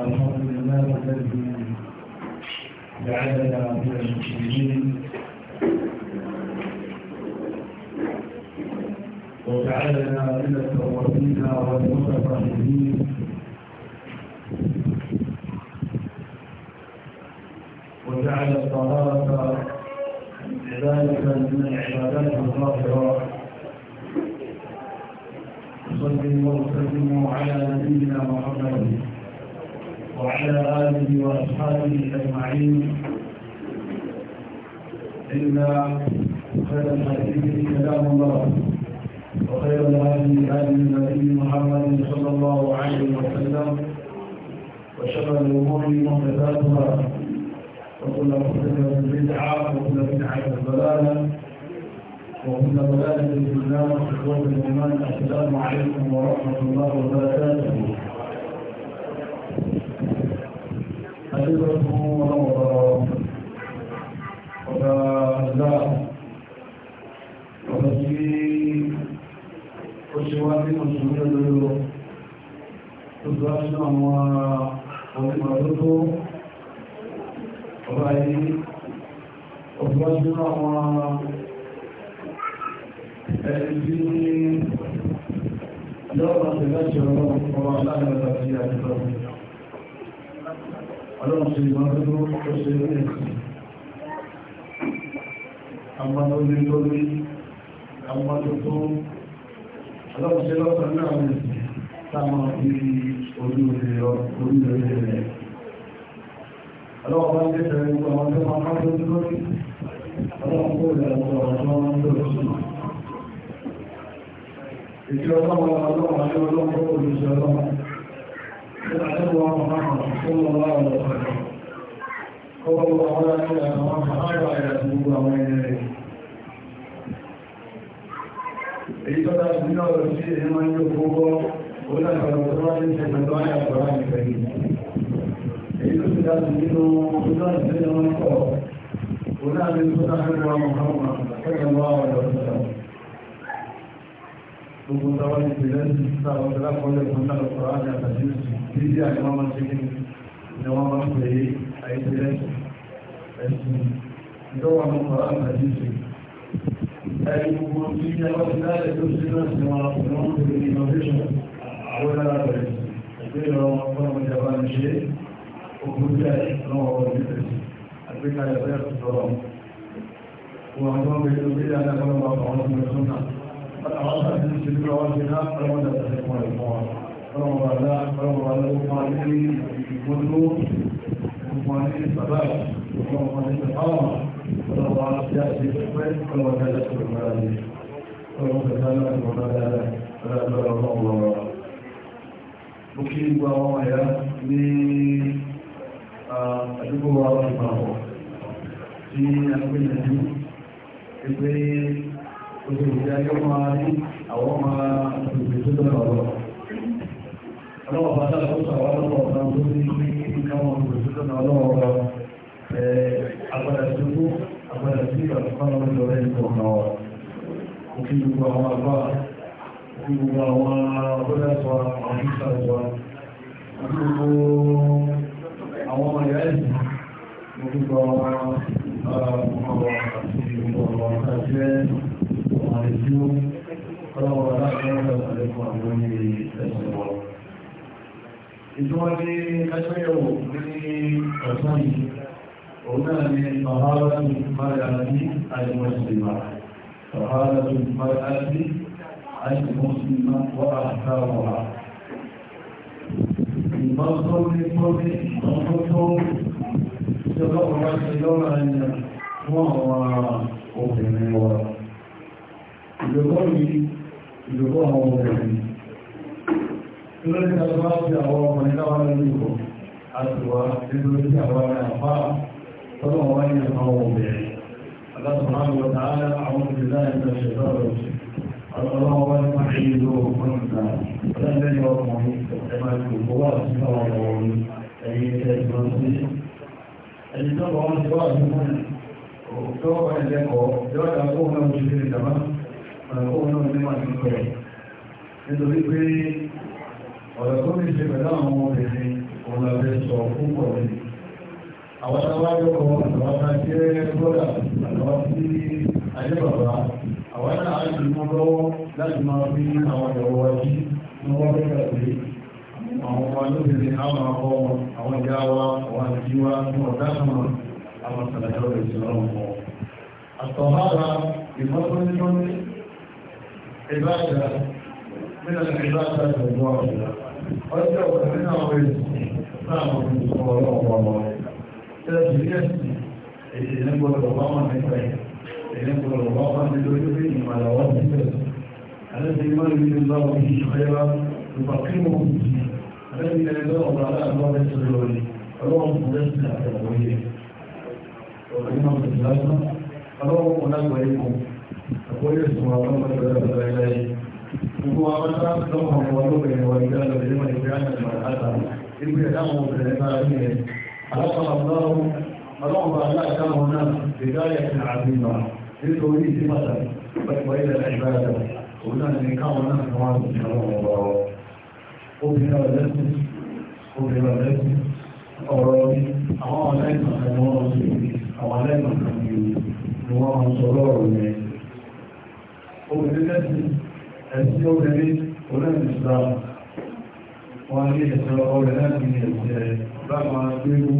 الحمد لله الذي جعلنا من المسلمين وجعلنا من التوابين والمتفرحين وجعل الطهارة ذلك من عبادات الظاهرة صلى وسلم على نبينا محمد وعلى آله وأصحابه أجمعين إن خير الحديث كلام الله وخير الهدي هدي النبي محمد صلى الله عليه وسلم وشر الأمور محدثاتها وكل محدثة بدعة وكل بدعة ضلالة وكل ضلالة في النار إخوة الإيمان السلام عليكم ورحمة الله وبركاته àṣírọ́tún ọlọ́wọ́ ọ̀dá láà ọ̀dọ̀ tí ó ṣe wá ní mùsùlùmí olóró tó tó á ṣe àwọn onímọ̀lótó ọba yìí ọ̀dọ̀ ṣe àwọn ẹni tí lọ́wọ́ tẹ̀lẹ́ ṣe ọlọ́wọ́ ọba aláàrẹ̀ àti àjẹ́ ọlọ́run ṣe ìwọ̀n tó dúró tó ṣe ní ẹ̀sìn agbábọ́lé lórí agbábọ́tó ọlọ́run ṣe lọ́sọ̀ náà rẹ̀ táwọn fi orílẹ̀ orílẹ̀ rẹ̀ ọlọ́run bá jẹ́ tẹ̀lé gbogbo àwọn tó máa kájọ́ lórí ọlọ́run kó rẹ̀ ọ̀pọ̀ ọ̀rọ̀ tó lọ sí ìjọba ọlọ́run àti ọlọ́run kó olùsọ ọlọ́run لأنه محمد صلى الله عليه وسلم قول الله تعالى إلى محمد إلى سبوع وإلى إليه èyí tó dá sí náà lọ sí ẹmọ ní ogógó onígbàgbọ́ tó wá ní ṣẹ̀ṣẹ̀ tó wáyé àgbàrá ìfẹ́ yìí èyí tó dá sí nínú onígbàgbọ́ tó wá ní ọkọ̀ onígbàgbọ́ tó dá sí ọmọ ọmọ ọmọ ọmọ ọmọ ọmọ gbogbo tọwọ́ ní ìpìlẹ̀ ní ìsáwọ́ tẹ́lá kọ́lẹ̀ fún náà lọ́kọ̀ọ́ àti àtàjú bí i àti wọ́n máa ṣe kí ni wọ́n máa pè é àìpìlẹ̀ ẹ̀sìn ìdọ́wọ́ àwọn ọkọ̀ àtàjú sí ẹ̀rí gbogbo tí ní ẹwọ́ ti láàrẹ̀ tó sí náà sí wọn ni wọ́n pè ní innovation àwọn ẹ̀rọ rẹ̀ ẹgbẹ́ ìrọ̀ ọgbọ́n ìjọba ní ṣe ogun jẹ́ lọ́wọ́ ọ̀rọ̀ àgbékalẹ̀ fẹ́ فتعرض أهل الجميع والجناب فلولا تسكوا الإخوان فلولا لا فلولا الإخوانين والنور الإخوانين الثبات فلولا الإقامة فلولا يأتي بالحكم فلولا يأتي بالمال فلولا كذلك ولا فلا أدبر الله مكيب ورايا من أدبر الله سبحانه في أقول الجميع oṣù ìdájọ́ máa ní àwọn máa tòbí tó lọ́rọ̀ ọ̀rọ̀. ọlọ́wọ́ bá dára tó sàwọ́ lọ́wọ́ ọ̀gá tó ní kí káwọn tòbí tó lọ́rọ̀ ọ̀rọ̀ agbára tó kú agbára tí ìgbàlùfáà lọ́rọ̀ rẹ̀ ń kọ̀ náà. mo kí gbogbo àwọn àgbà kí gbogbo àwọn ọgbọ́dá sọ àwọn ìṣà sọ àìsí ọlọ́wọ́ aláṣẹ àlékún àwọn ní ẹ̀sìn wọn. ìtúwọ́n ní ẹgbẹ́yẹ̀wò ní ọ̀sán yìí òun náà ni ọ̀hárá tó máa ní àìmọ̀sílìmá ọ̀hárá tó máa ní àìmọ̀sílìmá wọ́n àtàwọ̀há ìmọ́tọ́ ní tóbi ìmọ́tọ́ tó ṣe lọ́pọ̀ láti lọ́rọ̀ ẹ̀yàn fún àwọn obìnrin wọn ìlòkọ́ yìí ìlòkọ́ àwọn ọmọbìnrin lórí ọjọ́ àti àwọn ọmọbìnrin náà wọ́n ní ìkọ̀ àtùwà nítorí àwọn àpá tọ́lọ̀ wọ́n ní àwọn ọmọbìnrin aláṣọ̀rọ̀ àwọn tààrà àwọn ìdíláyà ìtàṣẹ̀dọ́ ọ̀rọ̀ Ọlọ́run wá ní máa ṣe ló fún ìgbà. Ọlọ́run ọkùnrin ẹ máa ti òkú wà sí àwọn ọmọ orí ẹ̀yìn ẹ̀dùn ọdún sí. Ẹni tó wọ́n ti wá sí fún ìtọ́wọ́ ẹ̀lẹ́kọ̀ọ́ yọ́dà fún ọmọ òṣèlú ìjàmáà ọ̀rọ̀ kó wọn ní wà nípa ẹ̀ nítorí pé ọ̀rọ̀ tó ní ṣe pẹ̀lú àwọn obìnrin òun làbẹ́ sọ púpọ̀ ní àwọn tàbájọ́ kan àwọn tá jẹ́ bọ́dà àwọn tí ayé bàbá àwọn náà á ti mọ́ lọ́wọ́ láti máa fi àwọn ìyàwó wa jí ní wọ́n fẹ́ kàgbé àwọn ọmọ alóbìnrin á máa kọ́ àwọn ìyá wa àwọn àti wa ní ọ̀dá kan àwọn sàlàyé ọ̀rẹ́ ìṣẹ̀lẹ̀ ọ̀pọ̀ àtọ̀hárà ìmọ́tónítóní عبادة من العبادات الواجبة ويجب أن نعرف نعرف من صلى الله عليه وسلم ènìyàn gbọ́dọ̀ bá wọn nípa ẹ̀ ènìyàn gbọ́dọ̀ bá wọn nípa ojú pé ìmọ̀lá wọn ti bẹ̀rẹ̀ alẹ́sẹ̀ ìmọ̀ ìlú ìlú àwọn ìṣẹ́ra ìgbà kí mo kù sí alẹ́sẹ̀ ìlú ìlú ọ̀gá aláàbọ̀ ẹ̀sẹ̀ lórí ọlọ́run kò lẹ́sẹ̀ àtẹ̀wọ̀ yẹ ọ̀gá ìmọ̀ ìlú lásán ọlọ́run kò lágbàá ikú akwai su ma wani masu da su zai zai kuma wani ta su zama wani wani bai wani da da zai mai gane da ma'ata ibi da dama wata da ta yi ne alaƙa allahu alaƙa ba ala ta mauna da gaya ta azima sai to yi ji masa bai da ibada wannan ne kawo nan kuma su ne wani ba obìnrin ọ̀lẹ́sìn obìnrin ọ̀lẹ́sìn ọ̀rọ̀ àwọn ọ̀lẹ́sìn àwọn ọ̀lẹ́sìn àwọn ọ̀lẹ́sìn ni wọ́n sọ lọ́rọ̀ yẹn obìnrin lẹ́sìn ẹ̀sìn obìnrin olóòrùn wọ́n ní ẹ̀sẹ̀ ọ̀rẹ́ láti ní ẹ̀sẹ̀ báwọn agbérú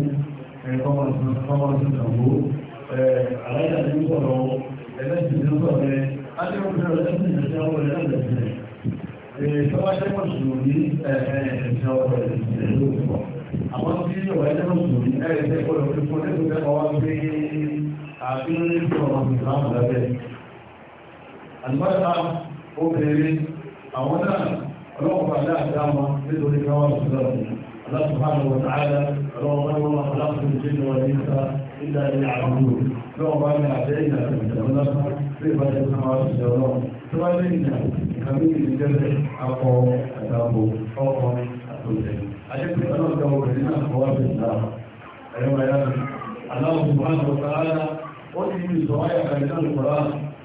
ẹ̀kọ́mọ̀sánàwó aláyàtí sọ̀rọ̀ ẹlẹ́sìn ní sọ̀rọ̀ ẹ̀ adéwọ̀n ẹlẹ́sìn ẹ̀sẹ̀ ọ̀rẹ́ láti ẹ̀sẹ̀ Àwọn tí ìjọba ẹgbẹ́ òṣèlú ẹgbẹ́ ọ̀rọ̀ ìfọ́nẹ́gbẹ̀ẹ́ ọwá gbé àbínú ní ìfọ́nà ìfọ́nà ìfọ́nà àlùbáyà obìnrin àwọn náà ọlọ́pàá dáadáa wọn nítorí káwọn ìṣúná الله سبحانه وتعالى ربنا وما خلقت الجن والانس الا ليعبدون ربنا اعطينا بالجنه في بدر السماوات والارض تولينا كبير الجنه اقوم اتابوا فوقهم اتولينا اجبت ان ارجو بنا خواب النار ايها الاخوه الله سبحانه وتعالى قل لي من سؤالك عن القران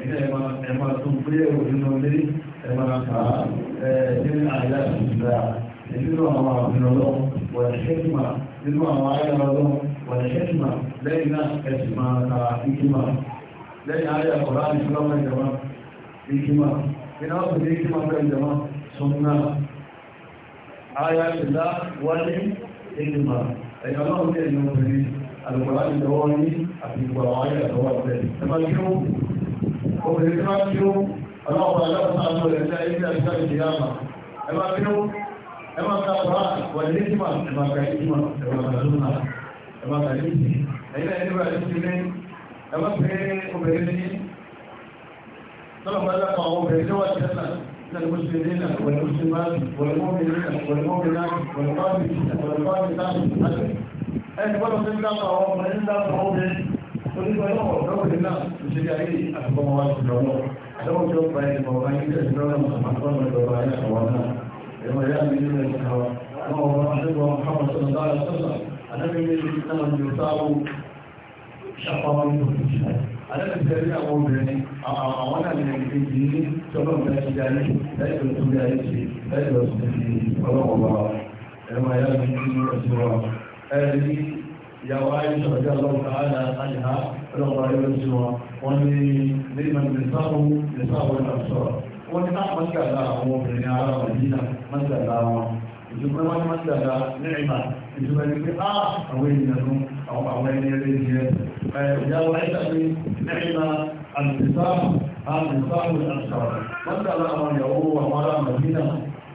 ẹ̀yìn ẹ̀ máa tún fúlé òfin lórí ẹ̀ máa kà á nínú àyà ìgbà nínú àwọn àfihàn ọlọ́run wọ̀ ẹ̀ṣẹ́kìmà nínú àwọn àyà ọlọ́run wọ̀ ẹ̀ṣẹ́kìmà lẹ́yìn náà ẹ̀sìn máa ta ìkìmà lẹ́yìn àyà ọ̀rá ìfúnlọ́mọ ìjọba ìkìmà iná ọ̀sẹ̀ ní ìkìmà fẹ́ ìjọba sunna àyà ìlà wálé ìkìmà ẹ̀yà ọlọ́run ní ẹ̀yìn obìnrin àlùkò láti lọ́wọ́ ní àti ìgbà àwọn àyà ìjọba ìfẹ́ obìnrin tí wọ́n bínú ọlọ́pàá lọ́pàá lọ rẹ̀ ní ayé àti sáré ìyá àmà ẹ máa bínú ẹ máa ka bọ́ wà ní ìjìmá ẹ máa ka ìjìmá ẹ máa ka lónà ẹ máa ka ìjì ẹ̀yìn náà ẹni bá ti ti ní ẹ máa pe obìnrin ní lọ́pàá lọ́pàá àwọn obìnrin tí wọ́n ti tẹ́lá المسلمين والمسلمات والمؤمنين والمؤمنات والقادمين onígbà náà ọ̀dọ́kùnrin náà ìṣẹ́lẹ̀ ayé àtúbọ̀mọ́ wa ti lọ́wọ́ àdọ́wọ́ tí ó gba ẹni ọ̀gá ní ìṣẹ́lẹ̀ lọ́wọ́ àmàkọ́nà ìjọba ayé àwọn náà ẹ̀wọ̀n yá mi nínú ẹ̀sìn àwọn ọmọ ọmọ àdúgbò ọmọ sọ̀rọ̀ dára sọ́sà àdẹ́gbẹ̀rẹ̀ náà ni ó sáwọ́ ṣàpamọ́ nínú òṣìṣẹ́ àdẹ́gbẹ̀rẹ̀ àwọn obìnrin àwọn náà ni ẹni kejì ní tọ́lọ́mù láti darí láti lọ sórí ayé ṣe láti lọ sí ọlọ́wọ́ wa ẹ̀wọ̀n yá mi nínú ẹ̀sìn wa ẹ̀rí ìyàwó àìsà ọjọ́ ọlọ́pàá àìhà ọlọ́pàá ẹgbẹ́ sí wọn wọ́n ní lẹ́yìn nìsáwó nìsáwó ìtàkùsọ̀rọ̀ wọ́n ní káàkiri mọ́tìlá àwọn obìnrin ará màdínà mọ́tìlá wọn ìjùmọ̀ wọn ní mọ́tìlá nìrìmà ìjùmọ̀ ní pé áà àwọn ènìyàn nù àwọn ẹni eré jẹ ìyàwó àìsà ní nìrìmà àmìsáwó àmìsáwó ìtàkùsọ̀rọ̀ mọ́tìlá àwọn ìyàwó àwọn ará màdínà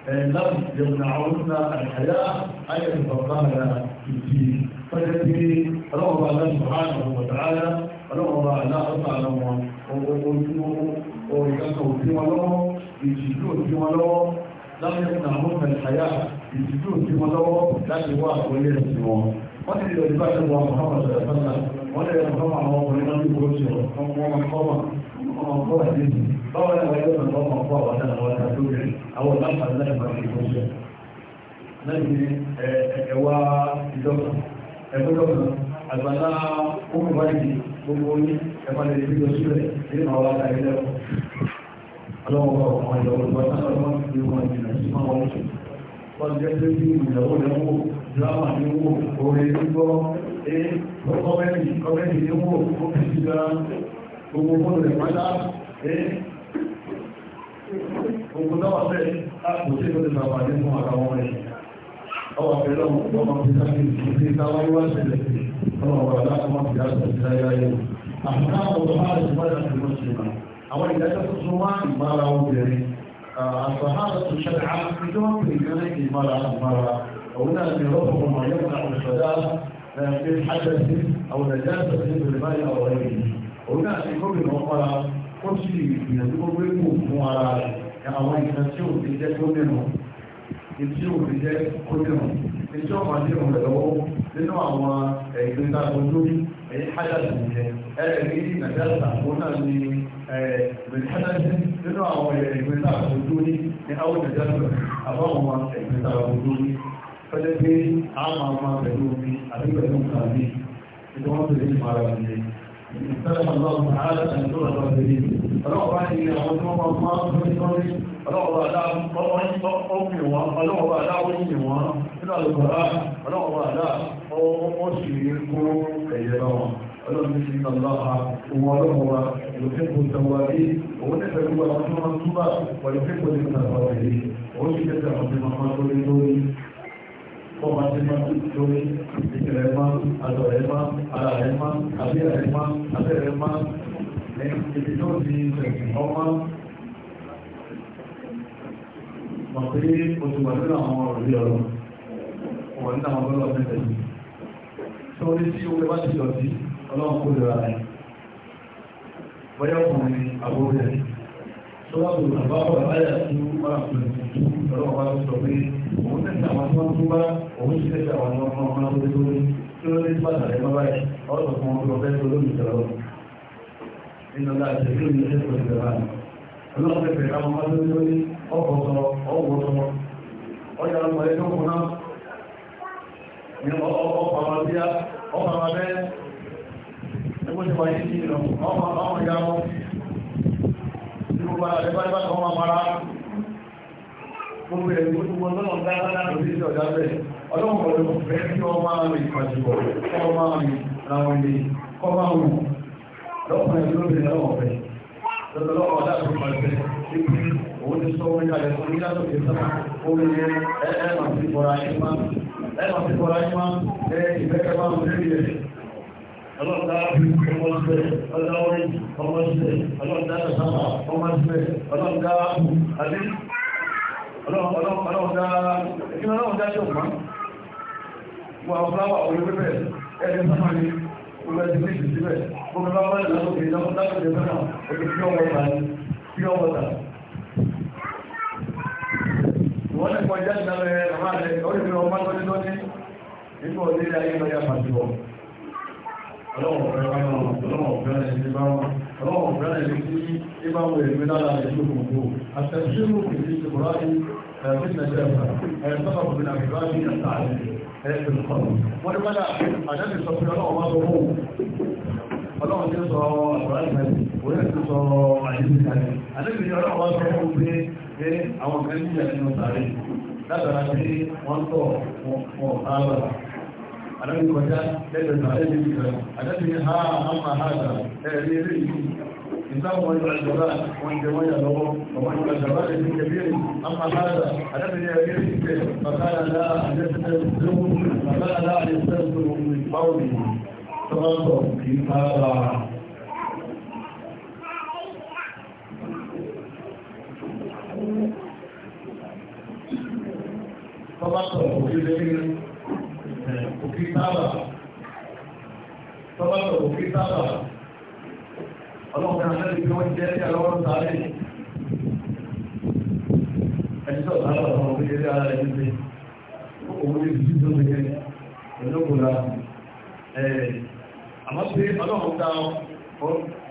لم يمنعونا الحياة أن يتفقهنا في الدين فالذي رغب الله سبحانه وتعالى رغب على أطعمهم ويكفوا في ولوه يجدون في ولوه لم يمنعونا الحياة يجدون في ولوه لكن واحد وليس في ولوه wọ́n ti lè bá ṣe wọ́n mọ̀ ọ́n mọ̀ ṣẹ̀fẹ́ náà wọ́n lè mọ̀ ọ́n mọ̀ àwọn ọkùnrin náà ní ìgbòho ṣe wọ́n mọ̀ ọ́n ọmọ ọkọ ẹni báwo ni wọ́n yóò lọ ọmọ ọkọ àwọn náà wọ́n ta lórí àwọn ọlọ́pàá náà máa ń tó ṣe lẹ́yìn ẹ̀wà ìdọ́gba ẹ̀gbọ́dọ́gba àgbàlá ọmọbáyìí gbogbo ní ẹ̀fà lè fi lọ sílẹ̀ ní àwọn àtàrí lẹ́kọ̀ọ́ ọlọ́wọ́ ọmọ ìyàwó ìgbà náà wọ́n ti wọ́n ti nà sí máa wọ́n wọ́n jẹ́ pé bí ìyàwó gbogbo mọ́nà rẹ̀ máa dáa ẹ́ gbogbo dáwà bẹ́ẹ̀ láàpò tí ó ti sàbà ní fún ara wọn rẹ̀ ọwà pẹ̀lú ọmọ ọmọ ti sáà ní ìdíje táwọn yóò wá sílẹ̀ ọmọ ọ̀rọ̀ aláàmọ́ ti á sọ sí ayáyé àfikà ọ̀rọ̀ máa ti máa ti mọ́ sí ma àwọn ìdájọ́ tuntun wá ìmára obìnrin àfàhàrà tó ṣẹlẹ̀ á fi tó wọ́n pè nǹkan ní ìmára àmàrà òun náà ti rọ́pọ̀ ọmọ yóò náà ọ̀ṣọ́dá في حدث أو نجاسة بالماء أو غيره òun náà ṣe gómìnà ọ̀pára ó sì gbìyànjú gbogbo èkó fún ara rẹ̀ àwọn ìṣẹ́ tí ò ti jẹ́ gómìnà ìtí ò ti jẹ́ gómìnà ìtí ọ̀pá ní òun lọ́wọ́ nínú àwọn ìgbésà ojúbí ẹ̀yìn hádàtì ìjẹ́ ẹ̀rẹ̀ ní nàìjíríà òun náà ni hádàtì nínú àwọn ìgbésà ojúbí ní àwọn pé a máa máa pẹ̀lú omi àti pẹ̀lú nǹkan ìtọ́wọ́n tó lè máa rà سلم الله تعالى أن يكون الرافدين فلو رأي أعظم الله من قوله فلو رأى لا أمي فلو رأى لا أمي من القرآن فلو رأى لا أمسيكم كيدوا فلو إن الله أمره يحب التوابين ونفع هو رحمه الله ويحب المتفاوتين وشكت عظيم الله tó máa ti máa lórí ìṣẹ̀lẹ̀ máa àtọ̀ rẹ̀ máa ara rẹ̀ máa àbí a máa àbẹ́ rẹ̀ máa ẹni tó ti sẹ̀sìn ọmọ mọ̀ pé o ti wà nínú àwọn ọ̀rọ̀ yìí ọ̀rọ̀ wọ̀ nínú àwọn ọ̀rọ̀ mẹ́tẹ̀ yìí tó ní tí ó bá ti lọ sí ọlọ́run kó lè ra rẹ̀ bọ́yá ọkùnrin àbúrò rẹ̀ sọ́wọ́n tó bàbá ọ̀rọ̀ ayà tí ó máa fi ọ̀rọ̀ wa sọ pé òun tẹ̀sí àwọn tó ń tún bá òun ti tẹ̀sí àwọn ọmọ ọmọ ọmọ tó lórí tí ó lé pàtàkì bàbá yìí ọ̀rọ̀ fún ọmọ ọmọ tó lórí ìjọba nínú láti rí ní ẹ̀sẹ̀ tó ìjọba ọlọ́run fẹ́fẹ́ káwọn ọmọ tó lórí ọkọ̀ sọ ọwọ́ sọ ọjà lọ́pọ̀ ẹ̀ tó kùnà ní ọkọ̀ àmàbíyá ọkọ̀ àmàbẹ́ ẹgbẹ́ ti wáyé sí ìrọ̀ ọmọ ìyá wọn gbogbo ara rẹ̀ bá bá kọ́ máa mara gbogbo ẹ̀rọ gbogbo ọlọ́run dáadáa lórí ìṣẹ́ ọ̀dá bẹ́ẹ̀ ọlọ́run ọ̀rọ̀ fẹ́ kí wọ́n máa rìn ìpàdébọ̀ kọ́ máa rìn àwọn ilé kọ́ máa wù lọ́kùnrin lóbìnrin ọlọ́run fẹ́ lọ́lọ́wọ́ láti pàṣẹ ibi òun ti sọ orí alẹ́ fún nílá lókè sábà orí ẹ̀ẹ́mà sí bọ̀rọ̀ ayé máa ẹ̀ẹ́mà sí bọ̀rọ̀ ayé máa ẹ̀ẹ́ ìfẹ́kẹ́ máa ń rí rẹ̀ ọlọ́dà ọmọ sílẹ̀ ọlọ́dà orí ọmọ sílẹ̀ ọlọ́dà sábà ọmọ sílẹ̀ ọlọ́dà àbí ọlọ́dà ẹ̀kí ọlọ́dà tí ó mọ́ wà fúláwà orí pípẹ́ ẹ̀kí sábà ní olùwẹ̀dì ní ìsìsíbẹ̀ gbogbo bá wọ́n lọ́wọ́ kìí lọ́wọ́ láti lè fẹ́ràn ẹ̀kí pure water pure water wọ́n lè kọjá ìdáwẹ̀ ọmọ rẹ̀ orí pípẹ́ ọmọ lọ́dún lọ́dún nípa òdílé ayé lọ́yà pàṣípọ̀ ọlọ́wọ̀n fẹ́ wáyé wọn ọlọ́wọ̀n fẹ́ ẹni tí bá wọn ọlọ́wọ̀n fẹ́ ẹni tí ní bá wọn èrè lára ìlú òkòkò àtẹ̀síwò kìí ti kò ráyé ẹ̀fíìnà jẹ́fà ẹ̀sọ́nà òfin àgbà ní ẹ̀sà ẹ̀sìn kan wọ́n ní mọ́lá àjẹ́sì sọ pé ọlọ́wọ̀n máa sọ fún ọlọ́wọ̀n tí ó sọ àgbà ìfẹ́ òun ti sọ àyíkú kalẹ̀ àdébì ni ọlọ́wọ̀n máa sọ fún pé pé àwọn kan ní ìyàtí wọn sáré látara pé wọ́n tọ̀ wọn ọ̀tá àdábì kọjá lẹ́gbẹ̀ta ẹ̀dẹ́bì rẹ̀ àdábì ní ha àmà àdà ẹ̀rí eré ìlú ìsáwọn ọjọ́ àjọ́lá wọn jẹ wọ́n yà lọ́wọ́ ọmọ ìgbà àjọ́lá lè ní kẹbíyèrè àmà àdà àdábì ní ẹ̀rí ìpẹ́ bàtàlá àdẹ́sẹ̀tẹ̀ẹ́sẹ̀ báwọ̀lì tọ́lọ́tọ̀ kì òkè sábà tọ́ba tó òkè sábà ọlọ́run náà lè fi wọ́n jẹ́ sí àlọ́wọ́ sáré ẹni tó sábà ọmọ òkè jẹ́ sí ara rẹ̀ níbi òun lè fi tó gbé ẹni òkú la àmọ́ pé ọlọ́run dá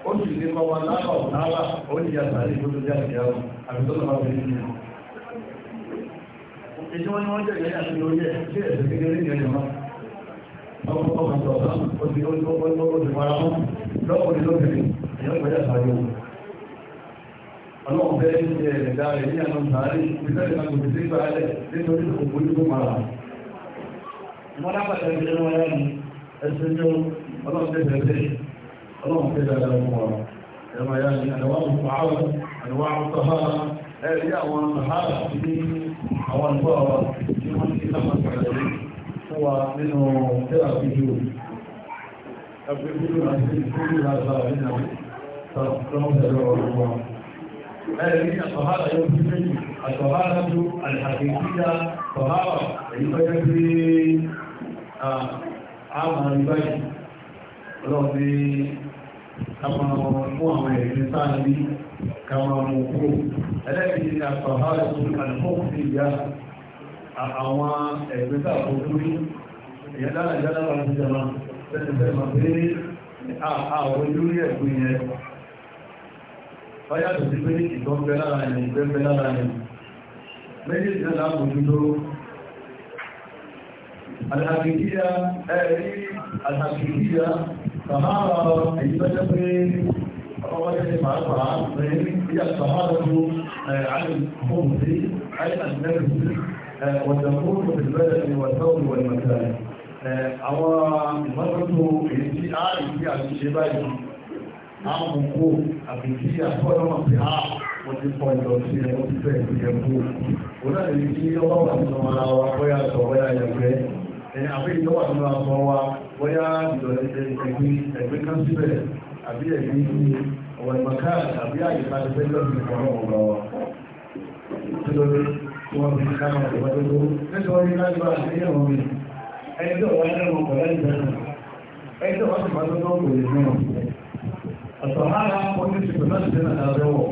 ó sì lè kọ́ wa lábà ọ̀tá wa ó ní ìyá sáré tó jáde yàrá àbí tó lọ́wọ́ bẹ̀rẹ̀ nínú èyí wọ́n ni wọ́n jẹ́ ìyá àti orí ẹ̀ sí ẹ̀sẹ̀ kékeré ní ẹ̀yọ̀ náà ọkọ̀ ọkọ̀ ọ̀sán ó ti wára mọ́ lọ́kùnrin lóbìnrin èyàn pẹ̀lú àtàrí ohun ọlọ́run bẹ́ẹ̀ ní ẹ̀rẹ̀ dáre ní àwọn ìsàárè ìfẹ́lẹ̀ máa gbèsè sí ìgbàlẹ̀ nítorí òkú ní fún mara wọn lápàtà ìgbẹ́ wọn yá ni ẹsẹ̀ ní ọlọ́run tẹ́ bẹ̀rẹ̀ ọlọ́run tẹ́ dáadáa fún wọn ẹ̀rọ yá ni àdàwà àwọn àwọn àdàwà àwọn ẹ̀rí àwọn àhárà ní àwọn ìgbọ́ àwọn tí wọ́n ti láwọn ìpàdé fún wa nínú tẹ́lá fídíò ẹgbẹ́ fídíò àti fídíò àgbà nínú tọ́lọ́pẹ̀lú ọ̀rọ̀ wa ẹ̀rí àtọ̀hárà yóò fi méjì àtọ̀hárà tó àlìhàkìkíyà tọ̀hárà èyí tó yẹ pé àwọn ìbáyìí ọlọ́ọ̀fẹ́ kama fún àwọn ẹ̀rí sáà ní kama mú kúrò ẹlẹ́bìí ní àtọ̀hárẹ̀ tó àdúgbòkúrò ìyá àwọn ẹ̀rí sáà tó dúrí ìyá dára ìyá dára ti jẹma tẹ́tẹ̀tẹ̀ ma pé àwọn olórí ẹ̀kú yẹn báyà tó ti pé ìtọ́ bẹ lára ẹni ìgbẹ́ bẹ lára ẹni méjì ìjọ láàbòjútó àtàkìkíyà ẹ̀rí àtàkìkíyà sàmáàrọ̀ èyí tó jẹ́ pé ọwọ́ jẹ́ ṣe pàápàá pé bí a sàmáàrọ̀ tó àìkóhùn sí àìkàtìlẹ́rù sí wọ̀tẹ̀kóhùn tó ti bẹ́ẹ̀ ni wọ̀tẹ̀kóhùn wọ̀ ìmọ̀tẹ̀rẹ̀ àwọn ìmọ́tótó èyí tí a rí sí àtúnṣe báyìí àmùkó àti kí àtọ́lọ́mọ̀ sí a wọ́n ti pọ̀ ìdọ̀tí ẹ̀ wọ́n ti fẹ́ ìdíyẹ̀ kú. Òun náà lè ní ọwọ́ àti ọmọ ara wa bóyá sọ bóyá yẹ̀fẹ́ àwọn èyí tó wà nínú aṣọ wa bóyá ẹgbẹ́ kan síbẹ̀ àbí ẹ̀gbẹ́ ọ̀wọ̀ ìmọ̀ká àbí àyíká ti fẹ́ lọ́sìn ìfọ̀rọ̀ ọ̀rọ̀ wa tí ló dé tí wọ́n fi ká máa tẹ̀wọ́ tó nítorí lágbà sí ẹ̀wọ̀n mi ẹni tó wà nínú ọkọ̀ láì bẹ̀rẹ̀ ẹni tó wà sí máa tó tó kò lè mẹ́wọ̀n ọ̀sọ̀ ara wọn ní ṣùgbọ́n láti dẹ́nà àbẹ́wọ̀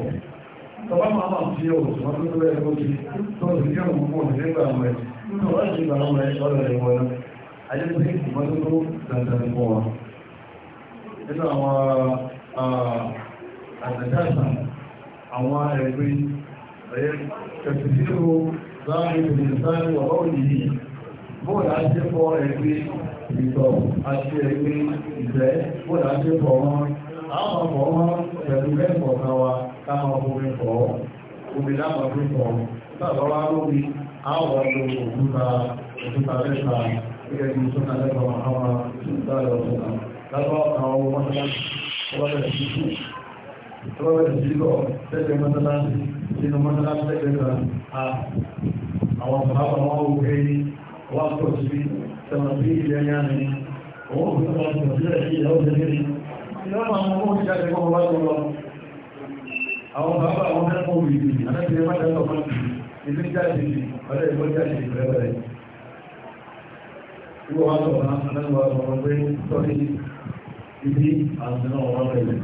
tọ́wọ́ tó tó lẹ́yìn tó tó ti jẹ́ òun fún òun nígbà mẹ́rin wọ́n ṣe ìgbà ọmọ ẹ̀ṣọ́ rẹ̀ wọ́n ajẹ́pẹ́ ìmọ́tótó dandan fún wa nínú àwọn àtẹ̀jáṣà àwọn ẹ̀rí ẹ̀yẹ kẹfìsíro láàrin ìrìnsáàrí wà báwọn yìí bóòlù ajẹ́pọ̀ ẹ̀rí ìtọ̀ àti ẹ̀rí ìfẹ́ bóòlù ajẹ́pọ̀ wọn àwọn ọmọ wọn pẹ̀lú lẹ́kọ̀ọ́ kan wa káwọn ọmọ orin pọ̀ omi láwọn orin pọ̀ sábà wá lórí àwọn ọdún òkúta òkúta lẹ́ta gẹ́gẹ́ bí sọ́nà lẹ́ta mahama tí ó dára ọ̀sọ̀nà lábọ́ àwọn mọ́sálásí ọlọ́bẹ̀rẹ̀ sí sí ọlọ́bẹ̀rẹ̀ sí lọ tẹ́lẹ̀ mọ́sálásí sínú mọ́sálásí tẹ́lẹ̀ kan àwọn bàbá wọn ò gbé wá pọ̀ sí tẹ̀wọ̀n sí ilẹ̀ yára ni owó òkúta wọn kò sílẹ̀ sí ìyàwó tẹ́lẹ̀ ni ìyàwó àwọn ọmọ òṣìṣẹ́ àwọn bàbá àwọn ẹ̀kọ́ òwìnì àti ẹgbẹ́ mẹ́ta ọmọ ìgbìyànjú ìlú jáde ọ̀dọ́ ìbò jáde ìrẹ́bẹ̀rẹ̀ ìwọ̀n wá sọ̀rọ̀ náà lẹ́nu wa sọ̀rọ̀ pé sọ́rí ibi àti náà wọ́n rẹ̀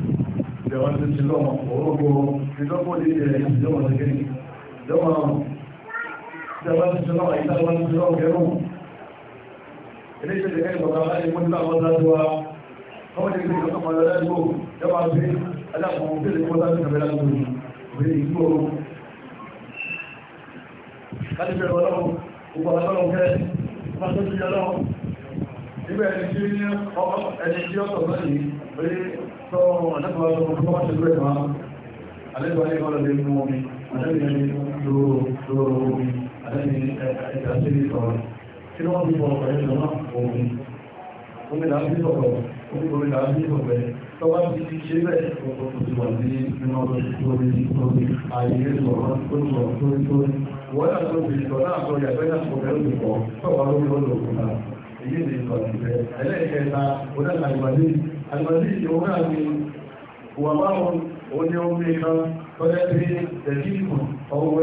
ìjọba tó ti lọ́wọ́ orógbó ìjọba ní ilẹ̀ ìjọba tó kéde ìjọba ìjọba tó ti lọ́wọ́ ìjọba tó ti lọ́wọ́ kẹrù iléeṣẹ́ ìdẹ́kẹ́ ìbọ̀ká láti mú nípa àwọn dájú wa wọ́n ti gbé ìjọba kan lọ́dá ìgbò ìjọba pé alákùnrin tó lè kó dájú kẹfẹ́ láti kájíkẹ́ ọlọ́run gbogbo ọlọ́run fẹ́ pàtàkì ọlọ́run nígbà ẹni tí ní ẹni tí ọ̀tọ̀ náà yìí orí tọ́ àdẹ́kọ̀ọ́ ọlọ́run tó bá ṣe gbé ẹ̀wà àdẹ́kọ̀ọ́ ní ọlọ́run lè mú omi àdẹ́kọ̀ọ́ ní lóró omi àdẹ́kọ̀ọ́ ní ẹ̀ẹ́dẹ́gbẹ̀ẹ́ sí ìtọ́rọ̀ kí ni wọ́n fi omi là bí sọ̀rọ̀ oníbomi là bí sọ̀rọ̀ tọ́wọ́ ti ti ṣe bẹ́ẹ̀ ọkọ̀ ti wà ní inú lórí lórí ààyè sọ̀rọ̀ tó sọ̀rọ̀ tó tó wọ́n náà tó fi sọ náà sọ yàgbẹ́ náà sọ bẹ́ẹ̀ lè kọ́ tọ́wọ́ lórí lọ́dọ̀ òkú náà èyí lè sọ ìfẹ́ ẹlẹ́ẹ̀kẹta ọdún àgbàdì àgbàdì ìwọ́n náà ni wà báwọn oní omi kan tọ́jẹ́ pé ẹ̀kíkù ọwọ́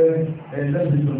ẹ̀ẹ́dẹ́gbẹ̀tún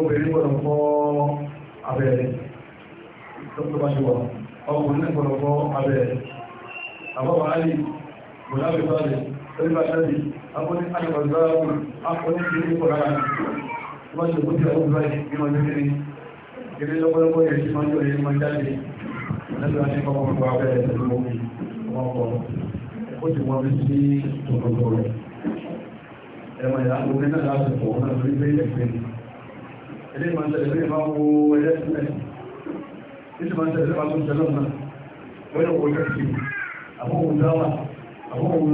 obìnrin gbọ́dọ̀ fọ́ abẹ́rẹ́ lọ́pọ̀ bá ṣe wà ọkùnrin náà gbọ́dọ̀ fọ́ abẹ́rẹ́ àbọ̀bà alì bùlábì bàlẹ̀ orípa tẹ́lẹ̀ akọni alìbàzáàrùn akọni tí ó kọ̀ lára tó bá ṣe kó tí àwọn ìbáyìí ní ọjọ́ kiri kiri lọ́pọ̀lọpọ̀ yẹn tí wọ́n jọ yẹn máa jáde lẹ́nu àti ọkọ̀ ọkọ̀ abẹ́rẹ́ pẹ̀lú omi wọn kọ̀ ó ti wọ́n sí tòkòtò rẹ̀ ẹ̀mọ̀ ìyá obìnrin náà láti pọ̀ náà lórí bẹ́ẹ̀ ilé ìmọ̀ ìṣẹ̀lẹ̀ ilé ìmọ̀ wo ẹlẹ́sìnlẹ̀ ilé ìmọ̀ ìṣẹ̀lẹ̀ ilé ìmọ̀ ìṣẹ̀lẹ̀ náà wọ́n yóò wọ ẹ̀sì àwọn ohun dáwà àwọn ohun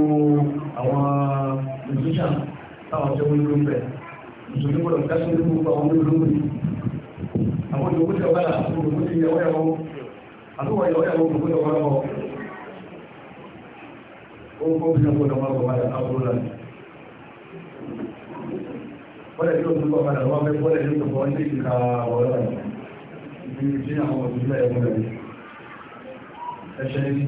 àwọn musician táwọn tó wọlé lóńgbẹ mùsùlùmí gbọdọ̀ kásí ní gbogbo àwọn olóyè lóńgbẹ àwọn olùkó tí ọ̀gá olùkó tí ìyàwó yàwó àbúwọ̀ ìyàwó yàwó olùkó tí ọ̀gá lọ́wọ́ ó ń bọ́lẹ̀ tí ó tún kọ́ padà wọ́n fẹ́ bọ́lẹ̀ ní ọ̀pọ̀ ní ìka ọ̀rọ̀ ìbí tí àwọn òṣìṣẹ́ ẹ̀kọ́ rẹ̀ ẹ̀ṣẹ́ ní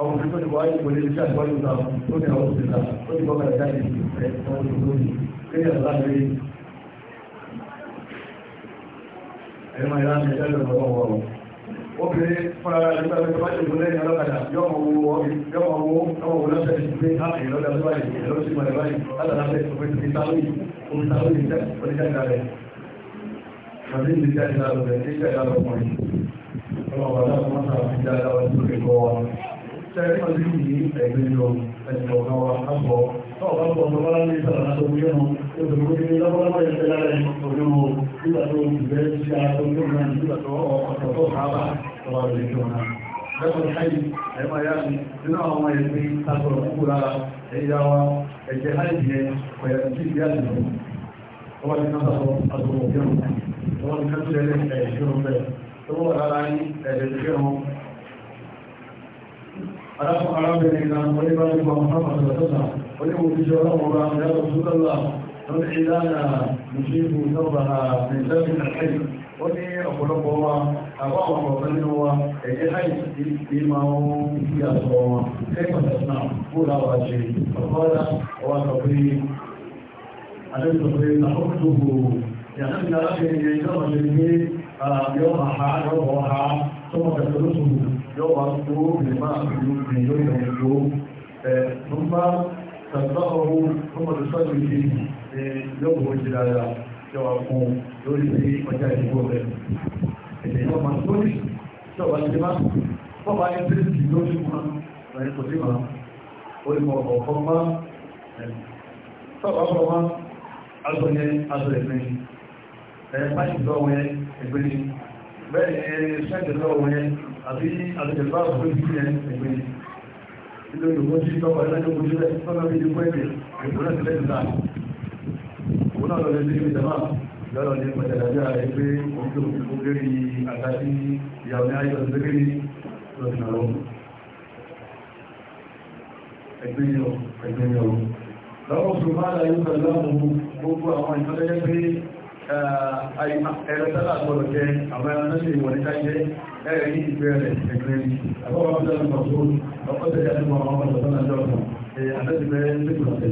ọmọ tó ti wáyé kò lè ṣe àgbọ́lù ta tó ní àwọn òṣìṣẹ́ tó ti kọ́ padà jáde ẹ̀ ọmọ tó lórí lórí ẹ̀rọ láti rí ẹ̀rọ ìlànà ìjọ́lẹ̀ ọ̀rọ̀ obìnrin fúnra nígbà tó bá ṣe ìgbóná ìyá lọ́kadà yóò mọ̀ owó yóò mọ̀ owó ọmọ òun lọ́sẹ̀ ti gbé káàkiri lọ́dà tó báyìí ìyá lọ́sẹ̀ ìmọ̀lẹ̀ báyìí látara bẹ́ẹ̀ tó fi ti sáré omi sáré ìjẹ́ oníjáde rẹ̀ tàbí ìlú jáde lára rẹ̀ ní ìjẹ́ lára ọkùnrin ọmọ ọ̀gá láti wọ́n sára fi jáde lára tó fi kọ́ wa. sẹ́yìn ọ̀pá ọ̀pọ̀ ọ̀pọ̀ ọ̀pọ̀ ní ìsọ̀rọ̀ àti orí ọmọ tó tó kó ní lọ́pọ̀lọpọ̀ ẹ̀ṣẹ́ lára ẹni orí ọmọ nígbà tó ń bẹ̀rẹ̀ sí ààtò tó ń rán nígbà tó ọ̀pọ̀ tó káàbà tọwà rẹ̀ jọ náà lẹ́kọ̀ọ́ ṣáyì ẹ̀mọ̀ ya ni nínú àwọn ọmọ ẹ̀sìn tasọ̀rọ̀ púpọ̀ lára ẹ̀yà wa ẹ̀jẹ̀ háìdì ẹ̀ ọ̀yà tí ìyá ti lọ ọwọ́ ti náà sọ àtọ̀rọ̀ òbí ọ̀hún ọwọ́ ti náà tilẹ̀ ẹ̀ṣẹ̀ ọ̀hún bẹ́ẹ̀ tó wọ́n lára ní ẹ̀ṣẹ̀ ọ̀hún arákùnrin arábìnrin náà wọlé bá ní ọmọ ọmọ ọmọ ọmọ onímòtíṣẹ́ ọlọ́mọba ìyàwó súnlọ́lá lórí ìlànà ìṣẹ́kù sọ́bà nìjẹ́bì àkáì ó ní ọ̀pọ̀lọpọ̀ wa àwọn ọ̀pọ̀lọpọ̀ nínú wa ẹ̀yẹ́ láìsí ní máa ń fi àṣọ wọn kẹ́kọ̀ọ́ náà kó láwàá ṣe ọ̀pọ̀lá ọwà sọ pé àdẹ́sọ̀ pé àkókòtòkò ìyàtọ̀ ní alábẹ̀rẹ̀ yẹn yọ́mọ̀ ṣe ní yọ́mọ̀ ha yọ́mọ̀ ha tó mọ̀ pẹ̀lú lóṣù yọ́wà tó lè máa fi lóṣù yóò tàbáwọ̀ ọmọdé sọ́dún sí lọ́gbọ̀ ó ti dára jọwà fún lórí sí ọjà ìdìbò rẹ̀ èdè ọmọ sórí tọ́wà ti má tọ́wà ní tí ti lórí wọn rẹ̀ kò sí wọn orí mọ̀ ọ̀kọ́ má tọ́wà kọ́ má agbẹ̀yẹ agbẹ̀yẹ ẹ̀ pàṣẹ lọ́wọ́ yẹn ẹgbẹ́ ni bẹ́ẹ̀ ni ẹ̀ sẹ́ńdẹ̀ lọ́wọ́ yẹn àbí àbẹ̀jẹ̀ bá wọ́n ti yẹn ẹgbẹ́ ni nínú ìwọ́n sí lọ́wọ́ ẹlẹ́jọ́ ojú rẹ̀ sọ́nà bí ikú ẹ̀jẹ̀ ìpínlẹ̀ sílẹ̀ ìta òun náà lọ́lẹ́ sí ìjọba lọ́lọ́ ní pẹ̀tẹ̀lẹ́jà rẹ̀ pé òun tó kó lérí àtàkì ìyàwó ní ayọ̀ lórí lọ́sìn àwọn ẹgbẹ́ yọ ẹgbẹ́ yọ lọ́wọ́ sùn máa láyé pẹ̀lú àwọn gbogbo àwọn ìtọ́lẹ́jẹ́ pé ẹ̀rẹ́sẹ́lá gbọ́dọ̀ jẹ́ àwọn ẹranẹ́sẹ̀ ìwọ̀n níta jẹ́ ẹ̀rẹ́ ní ìgbẹ̀rẹ̀ ẹ̀gbẹ̀rẹ̀ àwọn ọmọdé ọmọdé ọmọdé ọmọdé ọmọdé ọmọdé ọmọdé ọmọdé ọmọdé ọmọdé ọmọdé ọmọdé ọmọdé ọmọdé ọmọdé ọmọdé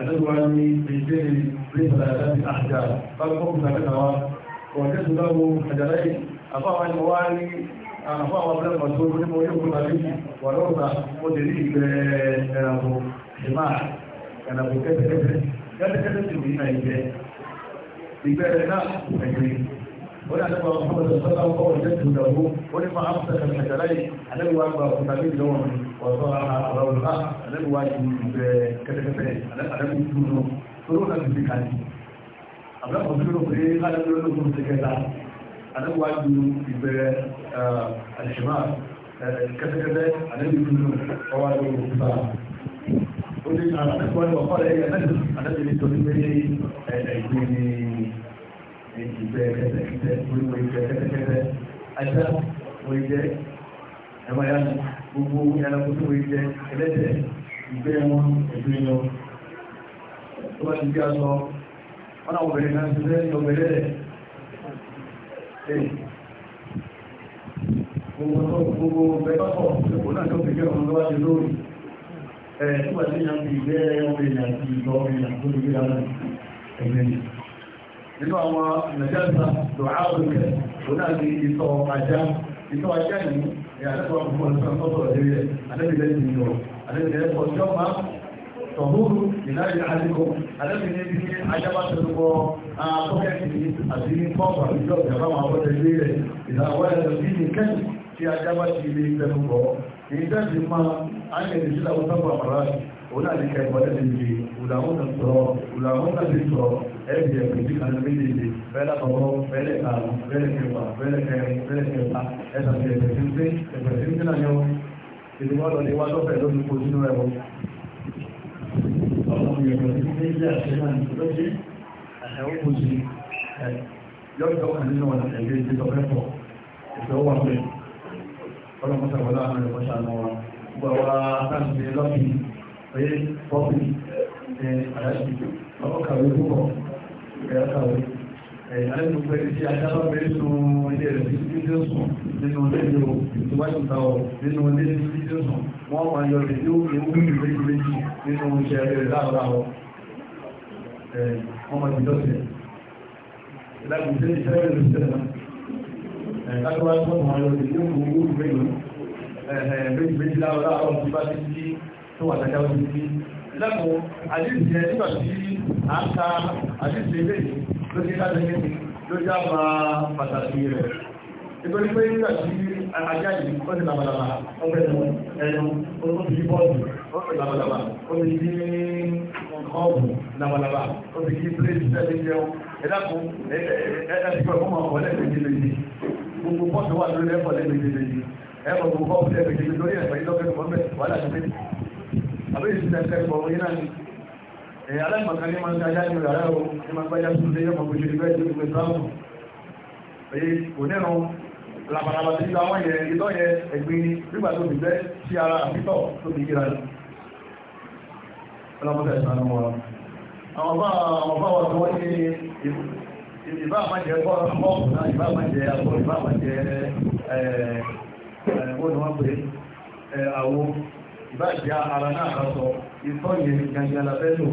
أدوى من بيتين بثلاثة أحجار فالقوم ثلاثة وجدت له حجرين أطاع الموالي أطاع أبنى المسؤول منه يمكن أبيه ولوضع مدري بأنه حمار كان أبو كيف كيف كيف كيف كيف ìbẹ̀rẹ̀ náà ẹ̀gbẹ̀ wọ́n àti wà fún ọdún sọ́lá ọkọ̀ ọ̀jẹ́ tó dàgbó ó ní máa ń sẹ́kẹ̀ ṣẹ̀kẹ̀rẹ́ yìí alẹ́wà gba òkúta ní ìlọ́wọ́ mi ọ̀tọ́ ara òlùlá alẹ́wà ju ìbẹ̀ kẹ́tẹ́kẹ́tẹ́ alẹ́wà ju lọ toró náà ti kà ní. àbúrò tó lò pé alẹ́wà ló tó ti kẹta alẹ́wà ju ìbẹ̀ àṣìmá kẹ́tẹ́kẹ́tẹ́ alẹ́wà ju lọ ọwọ́ àti òkúta Ẹgbẹ̀yà gbogbo ẹranko tó wèé jẹ ẹlẹ́tẹ̀ ìgbé wọn ẹ̀dùn ìlọ. Tó bá ti bí aṣọ, wọ́n náà obìnrin náà ti fẹ́ ọgbẹ̀lẹ́ rẹ̀. Gbogbo ọ̀pọ̀ gbogbo ẹgbẹ́ ọ̀pọ̀ ìpò náà tó fi jẹ́ ọmọ lọ́wọ́ nígbà tí yàn fi ìgbé orí ìyà àti ìgbà orí ìyà tó lè gbé dáadáa ẹgbẹ́ ni nínú àwọn nàìjíríà tó áwòrán tó náà ní ìtọ̀ ajá ìtọ̀ ajá yìí ni àtẹ́kọ̀ọ́ àkókò ọ̀sán tọ́tọ̀ ẹ̀rí rẹ̀ àtẹ́bìlẹ̀ ti yọ àtẹ́bìlẹ̀ ẹ̀kọ́ tí ọmọ tọ̀húrù ìlàrí àdíkò alẹ́bìnrin bí i ajábátẹ̀lúgbọ́ àtọ́kẹ́kì àti pọ́pọ̀ àjọ ìjọba àwọ́tẹ̀lé rẹ̀ ìlàwọ́ ẹ̀rọ bí i kẹ́kì tí ajábátẹ̀lé tẹ̀lúgbọ́ ìjọ́ an yi da shida wata bambara wani ne kai wadda da ke wulawun da tsoro wulawun da tsoro ẹbí ẹbí ti kan lórí ìdíje bẹ́ẹ̀ kọ́kọ́ bẹ́ẹ̀ kàrún bẹ́ẹ̀ kẹwàá bẹ́ẹ̀ kẹrin bẹ́ẹ̀ kẹta ẹ̀sà ti ẹ̀sẹ̀ tí ń pé ẹ̀sẹ̀ tí ń pé náà yẹwò ìdí wọ́n lọ ní wá tọ́fẹ̀ lórí kò sínú ẹ̀wọ̀. ọkùnrin ẹ̀sẹ̀ tí ń pé ilé àṣẹ náà ní lọ́jẹ́ àṣẹwó kò sí yọjọ́ kan nínú ọ̀nà ẹ̀gbẹ́ ìdíjọ fẹ́ pọ̀ ìfẹ́ wà pé ọlọ́mọ gbọ̀wà sáàmì lọ́pì pé pọ́pì ẹ̀ àdáṣì ọkọ̀ kàwé púpọ̀ ẹ̀yà kàwé alẹ́gbẹ̀gbẹ̀ a dábà bẹ̀rẹ̀ nínú ilé rẹ̀ sí fídíọ̀sùn nínú lẹ́yìn o ìtúwájúta ọ̀ nínú ilé sí fídíọ̀sùn wọ́n máa yọ lè yóò lè wú ní méjì méjì nínú iṣẹ́ rẹ̀ láàárọ̀ ọ̀ wọ́n máa jùlọ sí ẹ̀ lágbègbè ìṣẹ́ rẹ̀ lè ṣẹlẹ̀ lágbègbè tó máa yọ lè yóò wú méjì méjì láwọ́lá àwọn tí bá ti sí tó wà dájá ojú sí lẹ́kùn àdíṣe nígbà tí a ń ka àdíṣe ilé ló ti láti ní ló já ma pàtàkì rẹ̀ nítorí pé nígbà tí ajá yìí ó ti labalaba ó fẹ́ lọ ẹnu ó ti bọ́ọ̀lù ó ti labalaba ó ti ní ọ̀bù labalaba ó ti kí pílẹ̀tì tẹ́lẹ̀ jẹun ẹ̀dàkùn ẹ̀ẹ́dẹ́gbẹ̀ẹ́ fún ọkọ̀ lẹ́gbẹ̀ẹ́ gbogbo pọ́ọ̀tù wà lórí ẹ̀fọ́ lẹ́gbẹ̀ẹ́ ẹ̀rọ gbogbo ọ̀pọ̀ ẹ̀rọ ìṣẹ́jú lórí ẹ̀fẹ́ ìlọ́gbẹ̀rún mọ́mẹ́ wàhálà ti dé àbẹ́yẹ ti dẹ̀ sẹ́kọ̀ ọ̀rọ̀ yín náà ni ẹ̀yà aláìmọ̀kan ní máa ń dájá ní ọ̀rọ̀ ẹ̀rọ ní máa gbájá sí ilé yọmọ gbèsè ìgbẹ́ ìlú ìgbẹ́ sáwọn èyí kò nínú labalaba tí ìgbà wọn yẹ ìtọ́ yẹ ẹ̀gbin nígbà tó bìbẹ́ sí ara àbítọ̀ tó bì kíra ọlọ́mọdé ìsànú wa àwọn bá àwọn bá wọn tó wọ́n ní ìbá àmàjẹ bọ́ọ̀lù náà ìbá àmàjẹ àbọ̀ ìbá àmàjẹ ẹ̀wọ́n eh, ni wọ́n pè é eh, àwo ìbájá ara náà lọ́sọ ìtọ́yẹ gangalabẹ́lò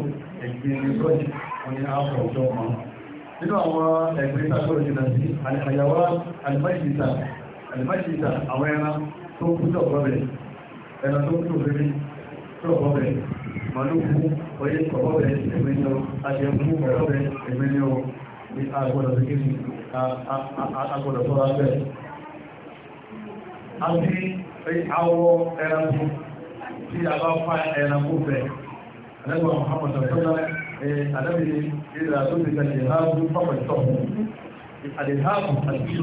ẹ̀gbìn ìtọ́yẹ oní àpọ̀ ọjọ́ ọmọ nínú àwọn ẹ̀gbìn tàbí ìjìnà sí àyàwó alìmájìta alìmájìta àwọn ẹran tó kú tó ọ̀gọ́bẹ̀ ẹran tó kú tó fẹ́rí tó ọ̀gọ́bẹ̀ màlúkú oyé ọ̀gọ́bẹ̀ ẹ̀mẹ́yọ ajẹ́kú ọ̀gọ́bẹ̀ ẹ̀mẹ́yọ àti àwọ ẹranko tí a bá fa ẹranko bẹ̀. Àdẹ́gbà Muhammad Sọ̀tọ́lá àdẹ́bì ìrìnà tó ti tẹ̀lé ìháàbù pàpẹ̀tọ̀. Àdìháàbù àti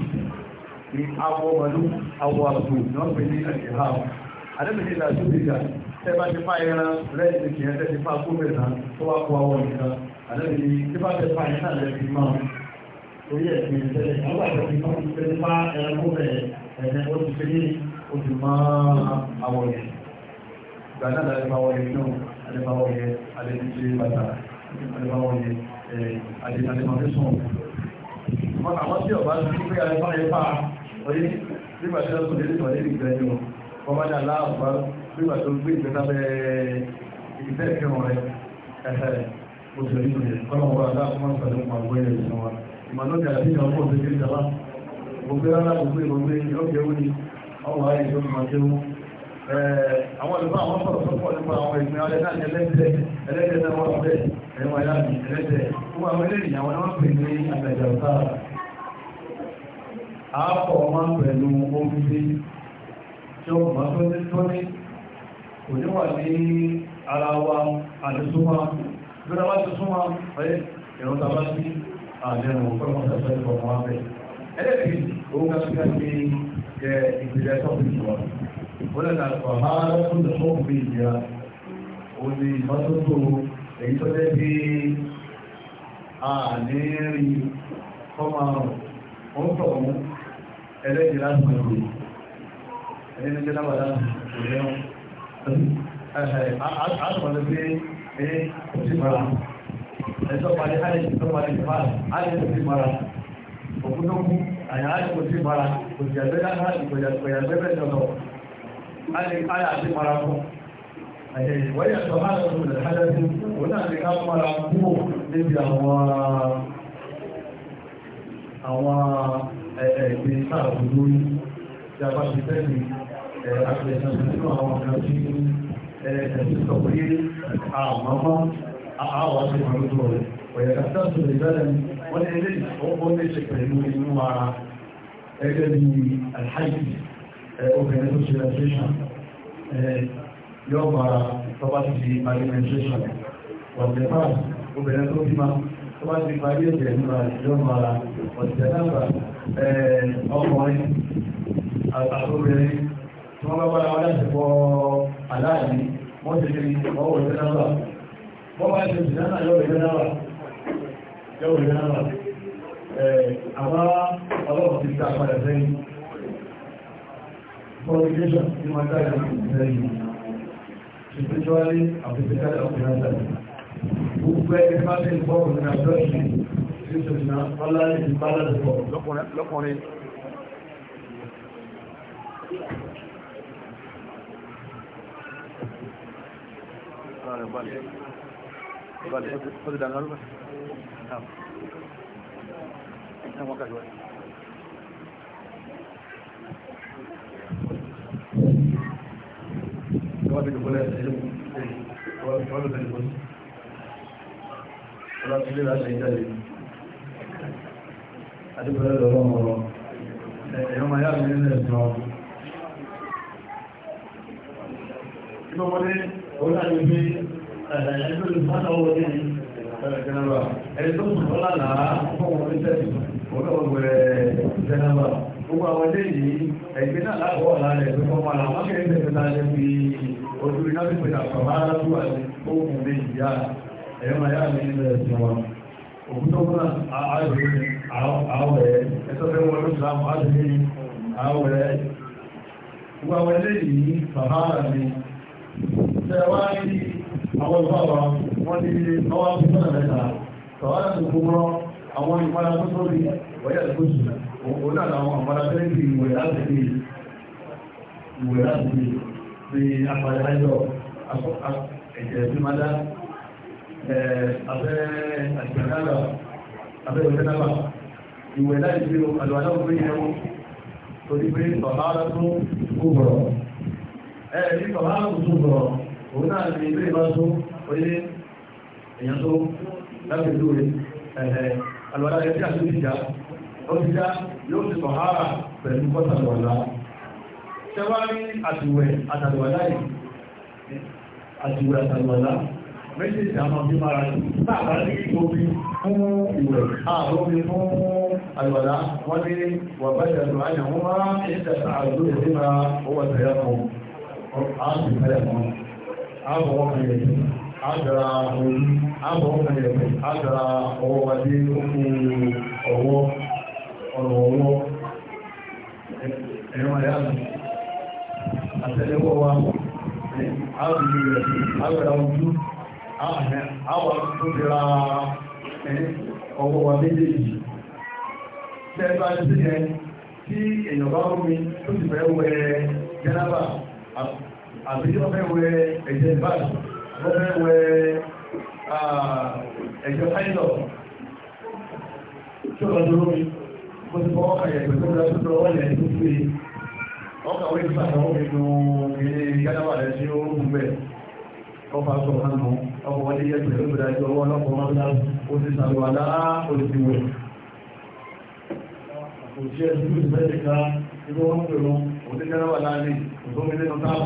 ní àwọ ọmọlú àwọ àgbò ní wọ́n pè ní àdìháàbù. Àdẹ́bì ìrìnà tó ti tẹ̀lé tẹ́bá ti fa ẹran lẹ́yìn kìí ẹ̀tẹ́ ti fa gómìnà náà tó wá kó àwọn ìkan àlẹ́bí tí bá tẹ́ fa ẹran lẹ́yìn máa orí ẹ̀sìn ìtẹ́lẹ̀ àwọn àjọ ìkan tẹ́lẹ̀ fa ẹran gómìnà ẹ̀ẹ́dẹ́ ó ti fi ní oṣù máa àwọ̀yẹ̀ ìgbà náà lẹ́fàwọ̀yẹ̀ náà alẹ́fàwọ̀yẹ̀ alẹ́fẹ́ bàtà alẹ́fàwọ̀yẹ̀ alẹ́fàwọ̀yẹ̀ Àwọn tí ọba ti pé alẹ́fà ẹ̀fà orí nígbà tí ọkùnrin lè sọ̀rọ̀ níbi ìgbẹ́ yóò, wọ́n bá dà láàbá nígbà tó gbé ìgbẹ́ sábẹ́ ìgbẹ́ ìfẹ́ràn rẹ̀ ẹ̀fẹ́ oṣù ìlú rẹ̀. Kọ́lọ̀ wọ́n bá dà fún ọ̀sán ló máa gbé ẹ̀sán wa. Ìmọ̀ lóde àti ìjọba òṣèlú ìjọba gbogbo rárá gbogbo ìgbogbo ìlọ́gbẹ̀ ó ní ọmọ ayé tó máa jẹ́ wọn àwọn olùkọ́ àwọn sọ̀rọ̀ tó pọ̀ nípa àwọn ìgbìn ọlẹ́ náà ní ẹlẹ́dẹ̀ ẹlẹ́dẹ̀ náà wọ́n bẹ̀ ẹ̀wọ̀n ayá mi ẹlẹ́dẹ̀ gbogbo àwọn eléyìí àwọn náà pè ní àgbàjà ọ̀tá àápọ̀ máa pẹ̀lú omi sí tí ó máa tó ní tó ní kò ní wà ní ara wa àti súnmọ́ bí wọ́n bá ẹlẹ́bí òun ká fífẹ́ sí jẹ ìpìlẹ̀ tọ́pìtì wọn ó lẹ́nà ọ̀há lọ́tún tó fún òbí ìlera ó ní ìmọ́tótó èyí tó jẹ́ bí àní rí kọ́mà òun tọ̀hún ẹlẹ́bí láti mọ̀ ìlú ẹni jẹ́ lábàdá òun àtọ̀lẹ́ pé ẹni ó sì mara ẹni tó parí àyè tó parí ìfà àyè tó sì mara òkútókú àyà àìkò sí mara ìgbẹ̀yàgbẹ̀rẹ̀ lọ́dọ̀ ayà sí mara fún wáyà sọ máa lọ́dún rẹ̀ hálẹ́sí òun náà ti ká mara kúrò níbi àwọn ẹgbẹ̀ náà lórí tí a bá ti tẹ́lì àpẹẹsẹ̀ nínú àwọn ọ̀gá tí ẹ̀ẹ́sẹ̀ sọ pé àwọn ọmọ àwọn àti ìmọ̀ lójú rẹ̀ ọ̀yẹ̀dàtàtù ìbẹ̀rẹ̀ wọ́n ní ilé ìfọ́wọ́ ní ṣe pẹ̀lú inú ara ẹgbẹ́ bí alhaji obìnrin tó ṣe registration yóò bára tọ́bá ti di alimentation yóò rí náà àbá ọlọ́pàá ti ta padà sẹ́yìn fornication ní wọ́n dá ìlú sẹ́yìn spiritually and physically organized gbogbo ẹni fásitì ìfọ́kùn ní àjọ́sí sí ṣùgbọ́n ọlá ní ìbálẹ̀ ìfọ́ lọ́kùnrin Vale, vale. Vale, ¿puedes dar algo? Adébọ̀lẹ́ lọ́wọ́ ọ̀rọ̀ ẹ̀yọ́ máa yá mi nílẹ̀ ìjọ. Ìgbọ́mọdé, orí àjò bí ẹ̀ẹ̀ẹ́ jẹ́nàbà ẹni tó sùn lọ́la làá fọwọ́n ní tẹ́sí òun náà wẹ̀ jẹ́nàbà gbogbo àwọn ilé yìí ẹgbẹ́ náà láàbọ̀ ọ̀la rẹ̀ pé fọmọ àlà wọn kẹ́rin tẹ̀sí náà lè fi ojú iná fi pèsè àpàmà arábù àti òkun lè yá ẹ̀yọ́ máa yá mi nílẹ̀ ẹ̀sìn wa òkú tó múná àwẹ̀ àwẹ̀ ẹ̀sọ́ fẹ́ wọlé ìsìlámù àti àwẹ̀ gbogbo àwọn ilé yìí bàbá rẹ̀ mi tẹ̀wá ní àwọn ìfáwà wọ́n ní ọwá tó sọ́nà mẹ́ta tọ́wọ́dá tó kó mọ́ àwọn ìpara tó tó rí wọ́yà tó sù òun náà làwọn àpara tẹ́lẹ̀ bí ìwẹ̀ láti bí ìwẹ̀ láti bí bí apàdé ayọ̀ ẹ̀jẹ̀ bí mádá abẹ́ àtìgbàdàgbà abẹ́ ìwẹ̀dàgbà ìwẹ̀ láti bí àlùwàdà òfin yẹn wọ́n torí pé bàbá tó kó bọ̀rọ̀ ẹ̀ẹ́dì bàbá tó kó bọ̀rọ̀ òun náà ní ilé ìbá tó orí èèyàn tó láti ìlú rẹ̀ ẹ̀ẹ̀ alùpàdà rẹ̀ tí a ó ti já yóò ti sọ̀ hárà pẹ̀lú kọ́tàlùwàlá ṣẹ́wárí àtìwẹ̀ àtàlùwàlá yìí àtìwẹ̀ àtàlùwàlá méjì ìdámọ̀ bí mara tàbí ní omi fún ìwẹ̀ àrómi fún àlùwàlá wọ́n ní wà bá ìdàtò àyàwó máa ń ìdàtà àrùn lórí sí ó wà tẹ̀yà fún ààbì tẹ̀yà fún àbọ̀ ọmọlẹ̀kẹ̀ àjọra orí àbọ̀ ọmọlẹ̀kẹ̀ àjọra ọwọ́ wadé okú ọwọ́ ọ̀rọ̀ ọwọ́ ẹ̀rọ ayáàmù àtẹ́lẹ́wọ́ wa àbúrú rẹ̀ àgbẹ̀rẹ̀ ojú àwọn tó àti tí wọ́n fẹ́ wẹ ẹ̀jẹ̀ báyìí wọ́n fẹ́ wẹ ẹ̀jẹ̀ fáìlọ̀ tí ó lọ dúró mi mo ti fọwọ́ kàyẹ̀ pẹ̀lú ọ̀dà tó lọ wọ́n yẹn tó fi wọ́n kàwé nípa àwọn nínú ilé gádáwà rẹ̀ tí ó rú bẹ̀ ọba sọ kánú ọkọ̀ wọlé yẹ pẹ̀lú ìgbèrè àjọ ọwọ́ ọlọ́pọ̀ mọ́tà ó ti sàlùwà láà ó ti ti wẹ̀ kò jẹ́ ìlú ìfẹ́ ìka ìgbọ́n pẹ̀lú òdíjára wà láàrin òtó mi nínú táàbù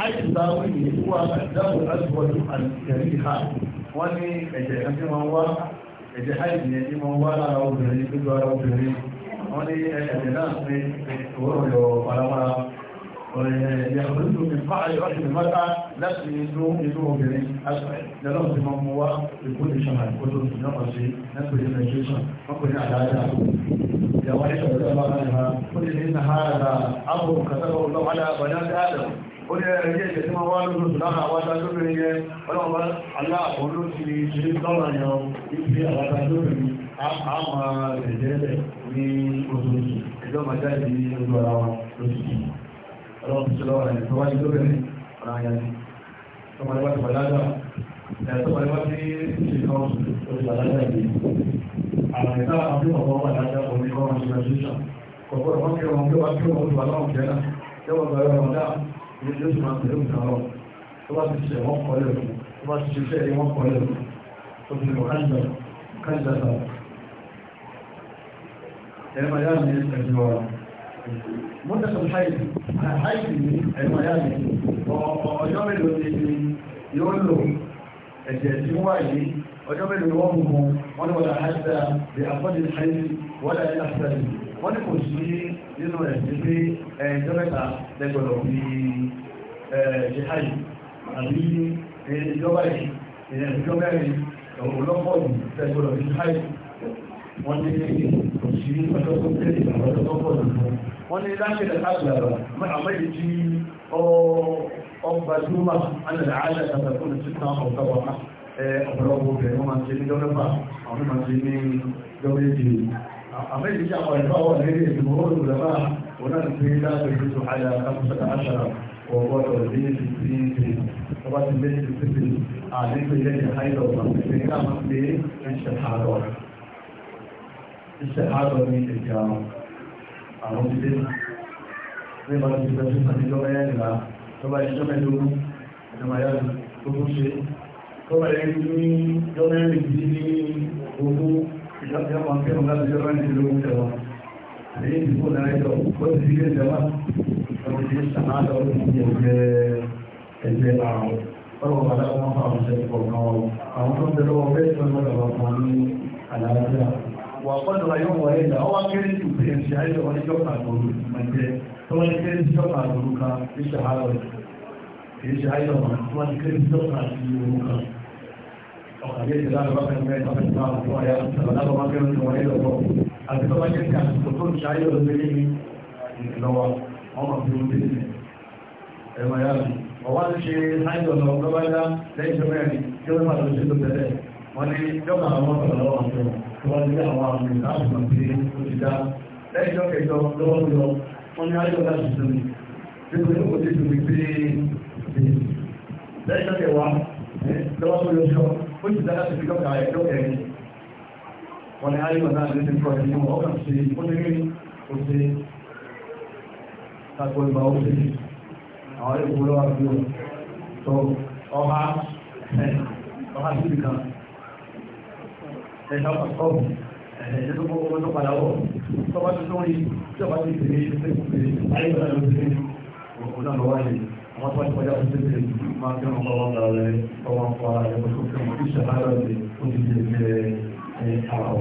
àìsàwí ìwà àdáwò aṣọ́jú àìsẹ̀ríhà wọ́n ní ẹ̀jẹ̀ kan tí wọ́n wá ẹ̀jẹ̀ àìsìyàn tí wọ́n wá lára obìnrin tó gbára obìnrin wọ́n ní ẹ̀jẹ̀ náà ní ìwọ̀rọ̀ paramara ìyàwó mi fáàlì ọ̀ṣìn mọ́ta láti inú inú obìnrin lọ́lọ́ tí wọ́n mú wá ìkúlẹ̀ ṣọ̀nà ìkótó ìjọba sí nẹ́kùnrin nàìjíríà wọ́n kò ní àdáyà ìyàwó àìsàn ìjọba náà ó lè ní nàhárà àbò kàtàkùn lọ́wọ́lá bọ̀dá ó ní ẹgbẹ́ ìṣẹ́ tí wọ́n wá lójú oṣù lára àwádá lóbìnrin yẹn ọlọ́wọ́ aláàbò ló ti ṣe lọ́rọ̀ yẹn ibi àwádá lóbìnrin àmà ìdẹ́lẹ̀ ní oṣooṣù ẹjọ́ màjá ìdí ojú ara wọn lóṣooṣù ọlọ́wọ́ ti ṣe lọ́wọ́ rẹ̀ tó wáyé lóbìnrin ọ̀rọ̀ àyà ni tọmọdé wá ti bàlágà tọmọdé wá ti ṣe kan oṣù bàlágà yìí àwọn ìta àbí ọ̀pọ̀ bàlágà òní kọ́ wọn ṣe ilé tó sì máa tẹ̀lé ìtàrọ̀ tó bá ti ṣe wọ́n kọ́ lẹ́rù tó bá ti ṣe iṣẹ́ ìwọ́n kọ́ lẹ́rù tó ti lọ kájọ kájọ sọ ẹ̀rọ yá mi ẹ̀jẹ̀ wa mo tẹ̀sọ̀ háìdì háìdì ní ẹ̀rọ yá mi ọjọ́ mélòó ti yóò lò ẹ̀jẹ̀ tí wọ́n wà yìí ọjọ́ mẹ́rin ni wọ́n mú mú wọ́n ní wọ́n àjá bí àfọ́dé ṣáyé wọ́n láyé àṣàlẹ̀ wọ́n ní kò sí nínú ẹ̀sìn pé ẹ̀ẹ́jọ́ mẹ́ta lẹ́gbọ̀dọ̀ bí i ìhàyè àbí ìjọba yìí ìjọ mẹ́rin ọ̀pọ̀lọpọ̀ ìtẹ́gbọ́dọ̀ ìhàyè wọ́n ní òṣìṣẹ́ ọjọ́ tó tẹ́lẹ̀ ìgbàlọ́ ọjọ́ tó pọ̀ lọ́wọ́ wọ́n ní láti rẹ̀ àgbàlá àmọ́yìí tí ọba júmọ̀ alẹ́lẹ́ alẹ́ àtàkùn ti tán ọ̀gá wa ọ̀pọ̀lọpọ̀ obìnrin wọ́n máa ń ṣe ní dọ́lọ́pàá àwọn máa ń ṣe ní dọ́lẹ́dì àmọ́yìí tí àwọn ẹ̀fọ́ àwọn ẹ̀rẹ́ ìgbòho ọgbọ́dọ̀ lé fifteen days ọba ti lé fifteen days àdéhùn ilé ní àìdọ̀ ọ̀gbìn ká máa lé iṣẹ́ àárọ̀ iṣẹ́ àárọ̀ ní ìjà àwọn ti dé ní ìbára ti bẹ̀rẹ̀ fún àdéjọ́ mẹ́rìnlá tó bá ìjọ mẹ́lógún ìjọba yá tó tó ṣe tó bá yẹ ní ìjọ mẹ́rin bí ní ogún ìjọba máa kẹ́rùn láti ìjọba ní ìlú ìjọba àdéhùn oríṣiríṣi náà lọ sí ẹgbẹ́ ẹgbẹ́ àrùn ọlọ́wọ́ padà wọn fa àwùjọ ìkọ̀ọ̀kan wọn àwọn tó ń bẹ lọ́wọ́ bẹ́ẹ̀ tó ń lọ́dọ̀ wọn fún ní àlàáfíà wà pọ́dọ̀ ayé wọ̀ ẹ̀dà ọwọ́ kéré jù pé ẹ̀sì ayé wọn níjọ́ pàtàkì mẹ́jẹ tó wọ́n kéré níjọ́ pàtàkì kan ọmọ fi ń bèèrè ẹ̀mọ̀ ya mi ọwá ń ṣe náírà lọ lọ́wọ́ ẹ̀dá lẹ́yìn tó mẹ́rin tí ó máa lọ sí tó tẹ́lẹ̀ wọ́n ní jọ́mọ̀ àwọn ọ̀rọ̀ lọ́wọ́ àjọ tó wá sí àwọn àmì láti mọ̀ sí ó ti dá lẹ́yìn tó kẹjọ lọ́wọ́ lọ wọ́n ní ayọ̀ láti sùn mi tí ó ní òjì sùn mi pé lẹ́yìn tó kẹwàá lọ́wọ́ tó yọ sọ ó ti dá láti fi lọ́kà ẹ̀ lọ́kẹ̀ẹ́ wọ́n ní ayọ̀ náà ló ti kọ́ ẹ̀ kágbọ́ ìgbà ó fi àwọn èkó lọ́wọ́ bí ó tó ọha ọha síbi kan ẹ̀ṣọ́ pàtàkì ẹ̀ṣẹ́ tó kọ́kọ́ tó padà wọ̀ tó bá ti lórí tó bá ti tèrè ṣe pé ayé ìgbà ló ti òun náà lọ́wọ́ yìí àwọn tó bá ti kọjá tó tẹ̀lé máa fi hàn bọ́wọ́ gbà rẹ̀ ọmọ fọ ẹ̀kọ́ tó fi hàn ìṣẹ̀ láàárọ̀ rẹ̀ ó ti tẹ̀lé àwọn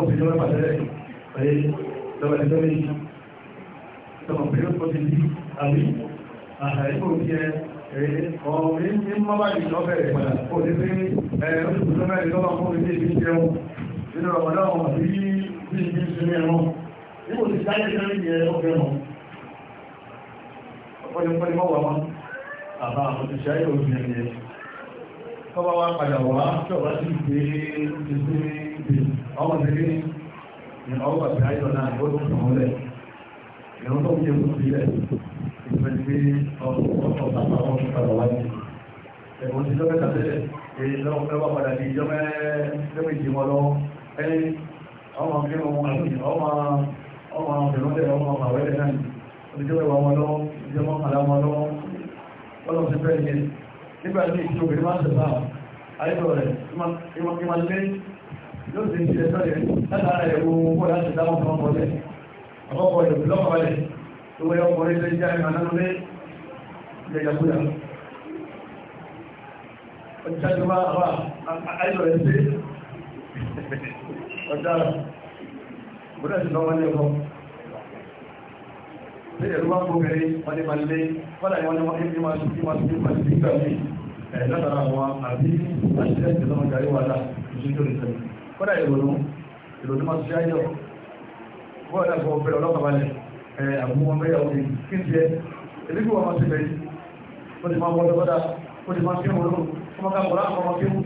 òṣèlú ọlọ́pàá tẹ́lẹ̀ pẹ̀lú lọ́wọ́ tọmọ pé ó ti di àbí àìkò tí ẹ ọmọ ní mọ́bà yìí lọ bẹ̀rẹ̀ padà kò ní pé ẹ oṣù tó mẹ́rin lọ́wọ́ fún ilé ìbí jẹun nínú ọmọdé ọmọ àbí bí ibi ìsinmi ẹ̀wọ̀n níbo ti dáyé sẹ́rin yẹ ọgbẹ́ wọn ọpọlọpọlọ mọ́wàá wọn àbá àmọ̀tíṣẹ́ ayé òfin ẹ̀yẹ tọ́bá wá padà wá tí ọba sí pé ìsinmi ọmọdé ní ọgbà tí ayé ìran tó yẹ kó sílẹ̀ ìfẹ́ pé ọkọ̀ bàbá wọn padà wá ní ti lọ́pẹ́ kàtẹ́lẹ̀ èyí padà ní ìjọ mẹ́rin ìjì lọ ẹni ọmọ akẹ́kẹ́ wọn àti ọmọ ọmọ ìrọ́lẹ̀ ọmọ àwẹ́lẹ̀ náà ìjọ mẹ́wàá wọn lọ ìjọ mọ́kànlá wọn lọ ọlọ́run ti fẹ́ ní nígbà tí ìjọ obìnrin máa ń sẹ̀fà ayébọ̀ rẹ̀ ìmọ̀ ìmọ̀ lé yóò ti ṣe ẹ̀sọ́ rẹ̀ látara ẹ̀wọ̀ wọn láti dáwọn àkọ́kọ́ ìlú lọ́kọ̀ọ́lẹ̀ tó wẹ́ ọkùnrin tó jẹ́ ìrànlọ́lé jẹjẹkúyà ọjọ́jọ́wà àwà àìlọ́rẹ̀ sí ọjọ́rà bọ́dẹ̀ sí lọ́wọ́ ní ọkọ̀ tí ẹ̀rù wá gbogẹ̀rẹ̀ wọ́n ni máa lé fọ́nà ìwọ́n ni wọ́n ní máa sùn kí máa sùn kí máa sùn nígbà mí látara wọn àbí àṣíṣẹ́ ìjọba jàrí wà láà ìṣẹ́jọ́ ìṣẹ́jọ́ kọ́dà ìrònú ìrònú máa ṣe ayọ̀ wọ́n náà fọ ọ̀bẹ̀rẹ̀ ọlọ́pàá balẹ̀ àbúrò wọn mẹ́yà òde kí n jẹ èdè bí wọ́n máa ti bẹ̀ yìí wọ́n ti máa wọ́n lọ́dọ́dá wọ́n ti máa fi hàn lóhùn wọ́n máa kàkọ́lá àwọn ọmọ kéwù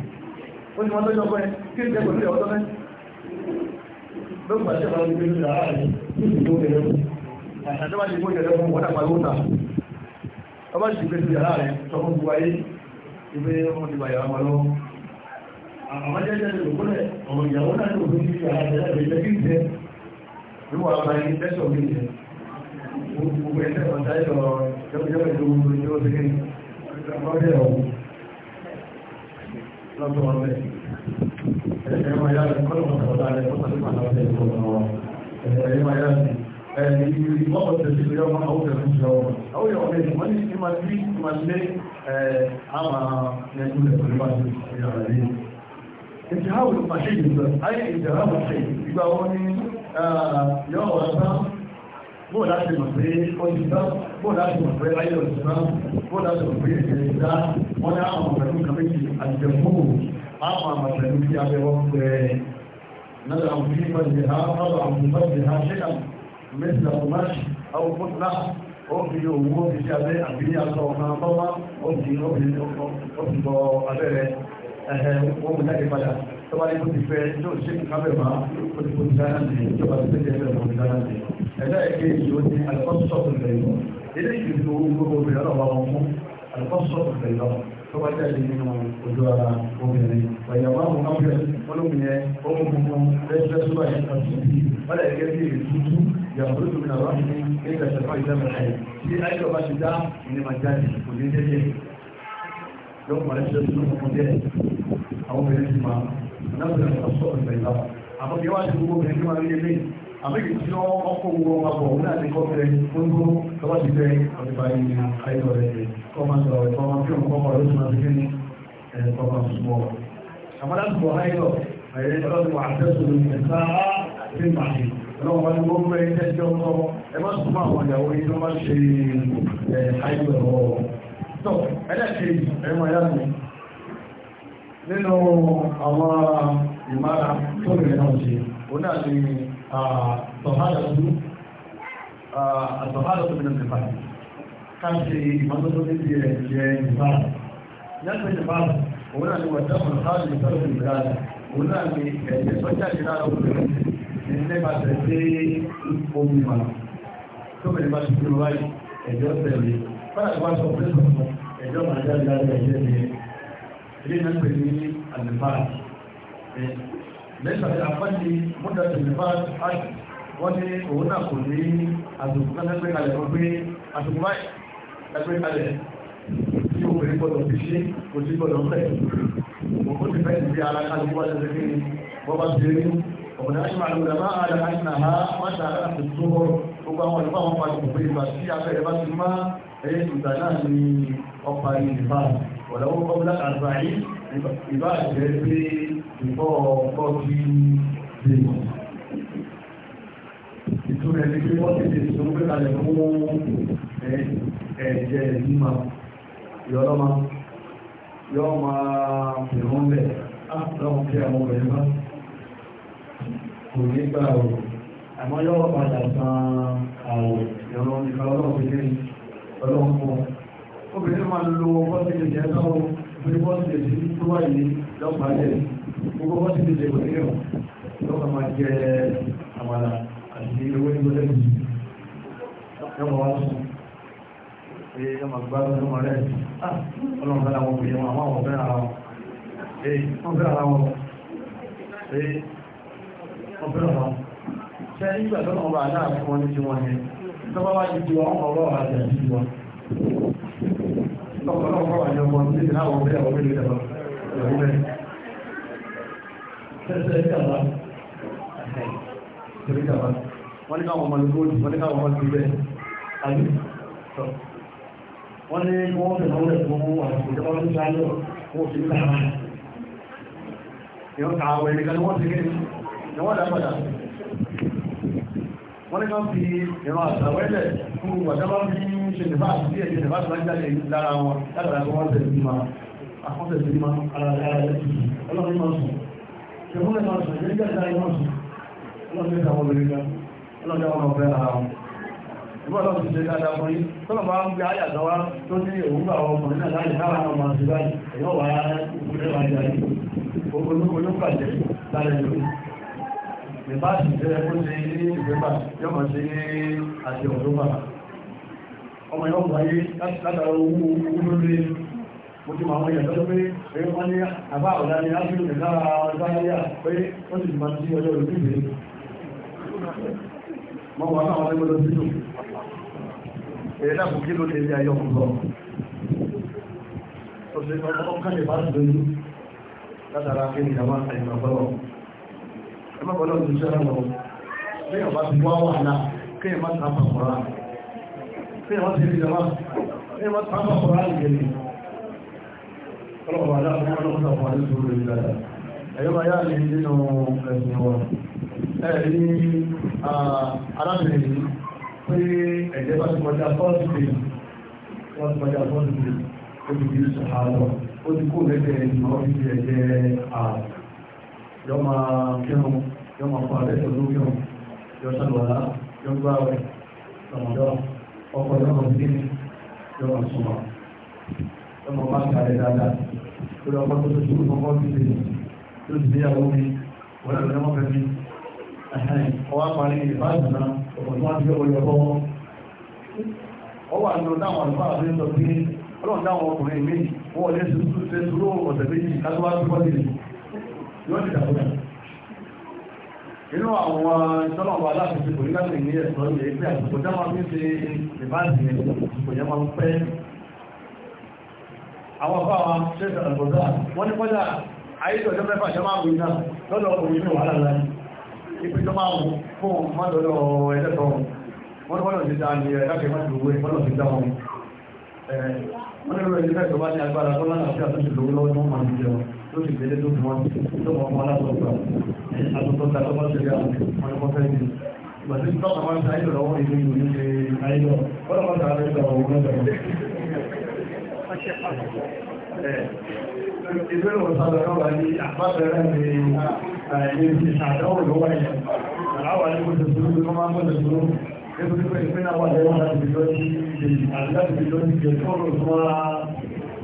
wọ́n ti máa tọ́jú ọkọ kí n jẹ pẹ̀lú ìyàwó tọ́lẹ́ lọ́gbàá ṣẹ̀fà ló ń ti gbóyẹ̀ lẹ́fún wọ́n àpàlú òta ọba ti gbé sí yàrá rẹ̀ sọ ti bàyà wọn rẹ̀ lẹ́gbẹ̀ẹ́ yóò wà bá yín tẹ́sọ̀ mi yẹn gbogbo ẹ̀ṣẹ̀ ọ̀dá yọ yọ́yọ́ ìdókòwò yóò ṣe kí ọ̀rẹ́ ọ̀hún lọ́tọ̀ ọ̀rẹ́ ẹ̀ṣẹ̀ máa yára kọ́lọ̀ mọ́tò ọ̀dá rẹ̀ kọ́tà sí màá lọ́tẹ̀ ìfọ̀nà ẹ̀ṣẹ̀ máa yára ẹ̀ẹ́dì ìgbọ́kọ̀ tẹ̀sí ìjọ máa ó tẹ̀sí ìjọ wọn àwọn èèyàn ọ̀rẹ́ ìwọ́n ní ìmọ̀ sí ìmọ̀ lé àmà ẹ̀ẹ́dù rẹ̀ pẹ̀lú bá ti ìyàrá yìí ìjìháwò ìpàṣẹ ìjìbẹ̀ ayé ìjìháwò ṣe ìgbà wọn ní yọ ọ̀rọ̀ tán bóò láti mọ̀ pé ó ti tán bóò láti mọ̀ pé ayé ò ti tán bóò láti mọ̀ pé èdè ti dá wọ́n ní àwọn pẹ̀lú kàméjì àjẹmóò àwọn àmọ̀ pẹ̀lú kí abẹ́wọ́ pẹ̀ náà àwọn tí wọ́n ti ha ọ̀rọ̀ àwọn tí wọ́n ti ha ṣẹ́kà mẹ́sìlá kùmáṣì àwọn fúnlá ó fi owó fi ṣe abẹ́ àbí aṣọ ọ̀kan bọ́wá ó fi ó fi bọ abẹ́rẹ́ ẹ̀hẹ́ wọ́n mú jáde padà tọ́wá ní kó ti fẹ́ ní òṣè nǹkan bẹ̀ máa kó ti kó ti dáná sí i tó bá ti tẹ́jẹ́ bẹ̀rẹ̀ kó ti dáná sí i ẹ̀dá ẹ̀kẹ́ ìṣó ní alikọ́sọ́ọ̀tù rẹ̀ lọ ilé ìṣèlú gbogbo obìnrin náà wà wọ́n fún alikọ́sọ́ọ̀tù rẹ̀ lọ tó bá jáde nínú ojú ara obìnrin ọ̀yàwó àwọn ọmọbìnrin olómìnira ohun gbogbo lẹ́sẹ̀ tó bá yẹn kan sí i wọ́n lè gẹ́gẹ́ bí ètùtù yàtọ̀ tó nà wọ́n ní ẹgbẹ́ sẹ̀fọ́ ìdámẹ́ ẹ̀ tí ayé ọba ti dá ìnima jáde kò ní dédé lọ́kùnrin ṣe tó ń kọ́ díẹ̀ àwọn obìnrin ti máa lọ́sọ̀rọ̀ ìrọ̀sọ̀rọ̀ ìgbẹ̀lọ́wọ́ àmọ́ bí wọ́n ti gbogbo obìnrin tí wọ́n rí ilé àmẹ́kì tí wọ́n kó gbogbo ọmọ àbọ̀ òun láti kọ́ fẹ́ gbogbo tọ́wọ́ ti fẹ́ ọdípa ìrìn àìsọ̀ rẹ̀ kọ́ máa sọ̀rọ̀ ẹ̀kọ́ máa fi òun kọ́ ọ̀rọ̀ lóṣù máa fi ní ẹ̀kọ́ máa sùn mọ́ àmọ́ láti bọ̀ àìsọ̀ ẹ̀rẹ́ ọlọ́dún wà tẹ́sùn ìfẹ́sà sí màṣí ọlọ́run wọn ni wọ́n mẹ́ ẹjọ́ kọ́ ẹ má sùn máa wọn ìyàwó yìí tó má ṣe àìsọ̀ nínú àwọn ìmára tó rẹ̀ náà ṣe ó náà ṣe àtọ̀hádàtú àtọ̀hádàtú nínú ìfàdí káṣe ìmọ́tótó ní ti rẹ̀ jẹ́ ìfàdí lẹ́sẹ̀ ìfàdí òun náà ni wọ́n tẹ́kùn káàdì ìfẹ́lẹ̀ ìgbàlá òun náà ni ẹ̀jẹ̀ sọ́jà ti lára obìnrin ní nípasẹ̀ sí omi mà tó bẹ̀rẹ̀ bá ti fi wáyé ẹ̀jọ́ tẹ̀lé fẹ́rẹ̀ tó bá sọ pé sọ̀tún ẹ̀jọ́ màá jáde lára ẹ̀jẹ̀ nìyẹn ilé náà pè ní àlùfáà lẹ́yìn tàbí àpáàdì mọ́tà àlùfáà áàdì wọ́n ní òun náà kò ní àtùkù náà pé kalẹ̀ wọ́n pé àtùkù báyìí ẹgbẹ́ kalẹ̀ tí obìnrin gbọ́dọ̀ fi ṣe kò sí gbọ́dọ̀ fẹ́ òkú ti fẹ́ ìdí ara kálukú wá lẹ́sẹ̀ kí wọ́n bá ti rí ọ̀pọ̀lọpọ̀ àti màlúù máa ara àìsàn ha wọ́n ta ara ti tó gbogbo àwọn ìfọ̀ àwọn pàtàkì òpin ìgbà tí afẹ́rẹ́ bá ti má ẹ̀yẹ́ ìgbà náà ni ọ̀pá ọ̀lọ́wọ́ kọ́bílá àgbáyé ìbá jẹ́ pé ìbọ́ ọkọ́ ti lè mọ̀. Ìtúrẹ̀ ní pé wọ́n ti lè sọ pé kalẹ̀ fún ẹ̀jẹ̀ mímọ ìyọ́lọ́mọ yọ́ máa fìrún lẹ̀ ah, láwọn kí àwọn obìnrin bá kò ní gbà ọ̀rọ̀ àmọ́ yọ́ padà san àwọ̀ ìrọ̀lọ́mọ ìfẹ́ ọlọ́run fi lé ọlọ́run fún ọ obìnrin máa lo bọ́sílẹ̀ jẹ́ náà obìnrin bọ́sílẹ̀ sí tó wà yìí lọ́pàá jẹ́ gbogbo bọ́sílẹ̀ jẹ́ pẹ̀lú ẹ̀wọ̀n lọ́pàá máa jẹ àmàlà àti ewé ìgbọ́lẹ̀ jù lọ́pàá wá sùn pé ẹ máa gbá lọ́dún wọn rẹ̀ ah, ọlọ́run fẹ́ra wọn pè wọn àwọn ọ̀fẹ́ ara wọn wọ́n fẹ́ra ara wọn wọ́n fẹ́ra wọn ṣe nígbà tó náà wà láàrin wọn ní tiwọn yẹn tọ́ba lọ́pọ̀lọpọ̀ Wọ́n ní káwọn ọmọ wọ́n ní káwọn ọmọ ní bẹ́ẹ̀. Àbí? Wọ́n ní wọ́n fẹ̀ lọ́wọ́ àti ìjọba ló wọ́n ti kéde, ni wọ́n wọ́n ní wọ́n fi ìran àtàwẹ́lẹ̀ fún wàjábá fi ṣe nìfà àti ẹ̀jẹ̀ nìfà àti lájáde lára wọn látara kí wọ́n tẹ̀lé ma akọ́tẹ̀ tẹ̀lé ma ara rẹ̀ ọlọ́run máa sùn ṣẹ̀fúnlẹ̀ máa sùn ìjẹ́ ìjẹ́ ìjẹ́ máa sùn ọlọ́run mẹ́ta wọn lórí ga ọlọ́run àwọn ọ̀fẹ́ ara wọn ìwọ́n ọlọ́run ti ṣe dáadáa fún yín tọ́lọ̀ máa ń gbé ayà kan wá tó ní òwúrọ̀ àwọn ọkùnrin náà láì káwọn àwọn ọmọ àti báyìí ẹ̀yọ́ ní máàsì ìṣẹ́lẹ̀ kó ṣe ní ìgbẹ́gbà yóò sí ní àti ọ̀dọ́gbà ọmọ yóò wáyé látara owó olóre mo ti máa wọ́n yàtọ̀ pé èyí wọ́n ní àbá ọ̀dá ní áfíríkì ní lára ìbáyà pé ọjọ́ ìlú ìgbé mọ́ ó sì ọkàn lè bá ẹmọ́kọ̀ọ́lọ́ bá yá ní nínú ẹ̀sìn wọn ẹ̀ ní arábìnrin pé ẹ̀jẹ̀ bá ti kọjá fọ́ọ̀sì ti kọjá fọ́ọ̀sì pé ó ti di sàárọ̀ ó ti kó lẹ́gbẹ̀ẹ́ ìmọ̀ ìdí ààrùn yọ ma kírun yọ máa fọ abẹ́ pẹ̀lú kírun yọ sàlùwàlá yọ gbá rẹ̀ ọmọdọ́ ọkọ̀ yọ máa gbé yọ máa sùnmọ́ yọ máa bá kàlẹ̀ dáadáa lórí ọkọ̀ tó tó tó kọ́kọ́ ti lè tó ti déyàwó mi wọ́n lè lọ́wọ́ fẹ́ mi ọwọ́ parí ìbáàdùn náà ọkọ̀ tó wá ti yọ ọkọ̀ ọwọ́ àlùfáà ọkùnrin wọ́n sùúrù ọ̀sẹ̀ méjì yóò inú àwọn ìtọ́lọ̀wọ̀ aláàbòsí kò ní láti ní ẹ̀sọ́ ilẹ̀ ìpé àtìkò jáma fi ń ṣe ìbáàdì kò yẹ máa ń pẹ́ àwọn afọ́ àwọn ṣẹ́ṣẹ́ àgbọ̀dá wọ́n ní kọjá ayédọ̀jọ́ mẹ́fà jọ máa lórí ìgbélé tó fún wọn tó wọn wọn lásọgbà àtúntọ́ta tó bá ṣẹlẹ̀ àwọn ọmọ fẹ́ ní ìgbàdí tó kà máa ń ta ìlọ̀ lọ́wọ́ ìlú ìlú ṣe ayélujára wọ́n lọ́wọ́ ta àrẹ ìgbà òun náà Ìgbéró ọ̀sán lọ́wọ́ wà ní àpábẹ̀rẹ̀ ní àìyébí àdáwò lọ́wọ́ yẹn. Àláwà ní kò tẹ̀sùrú bí wọ́n máa ń bọ̀ tẹ̀sùrú. Nítorí pé ìpínlẹ̀ wà lẹ́wọ́n láti fi lọ́ọ́ sí ìdèjì àti láti fi lọ́ọ́ sí ìdèjì fọ́ọ̀rọ̀ tó wá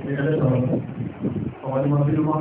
ní ẹlẹ́sọ̀rọ̀. Ọ̀wọ́ ni mo fi mọ́.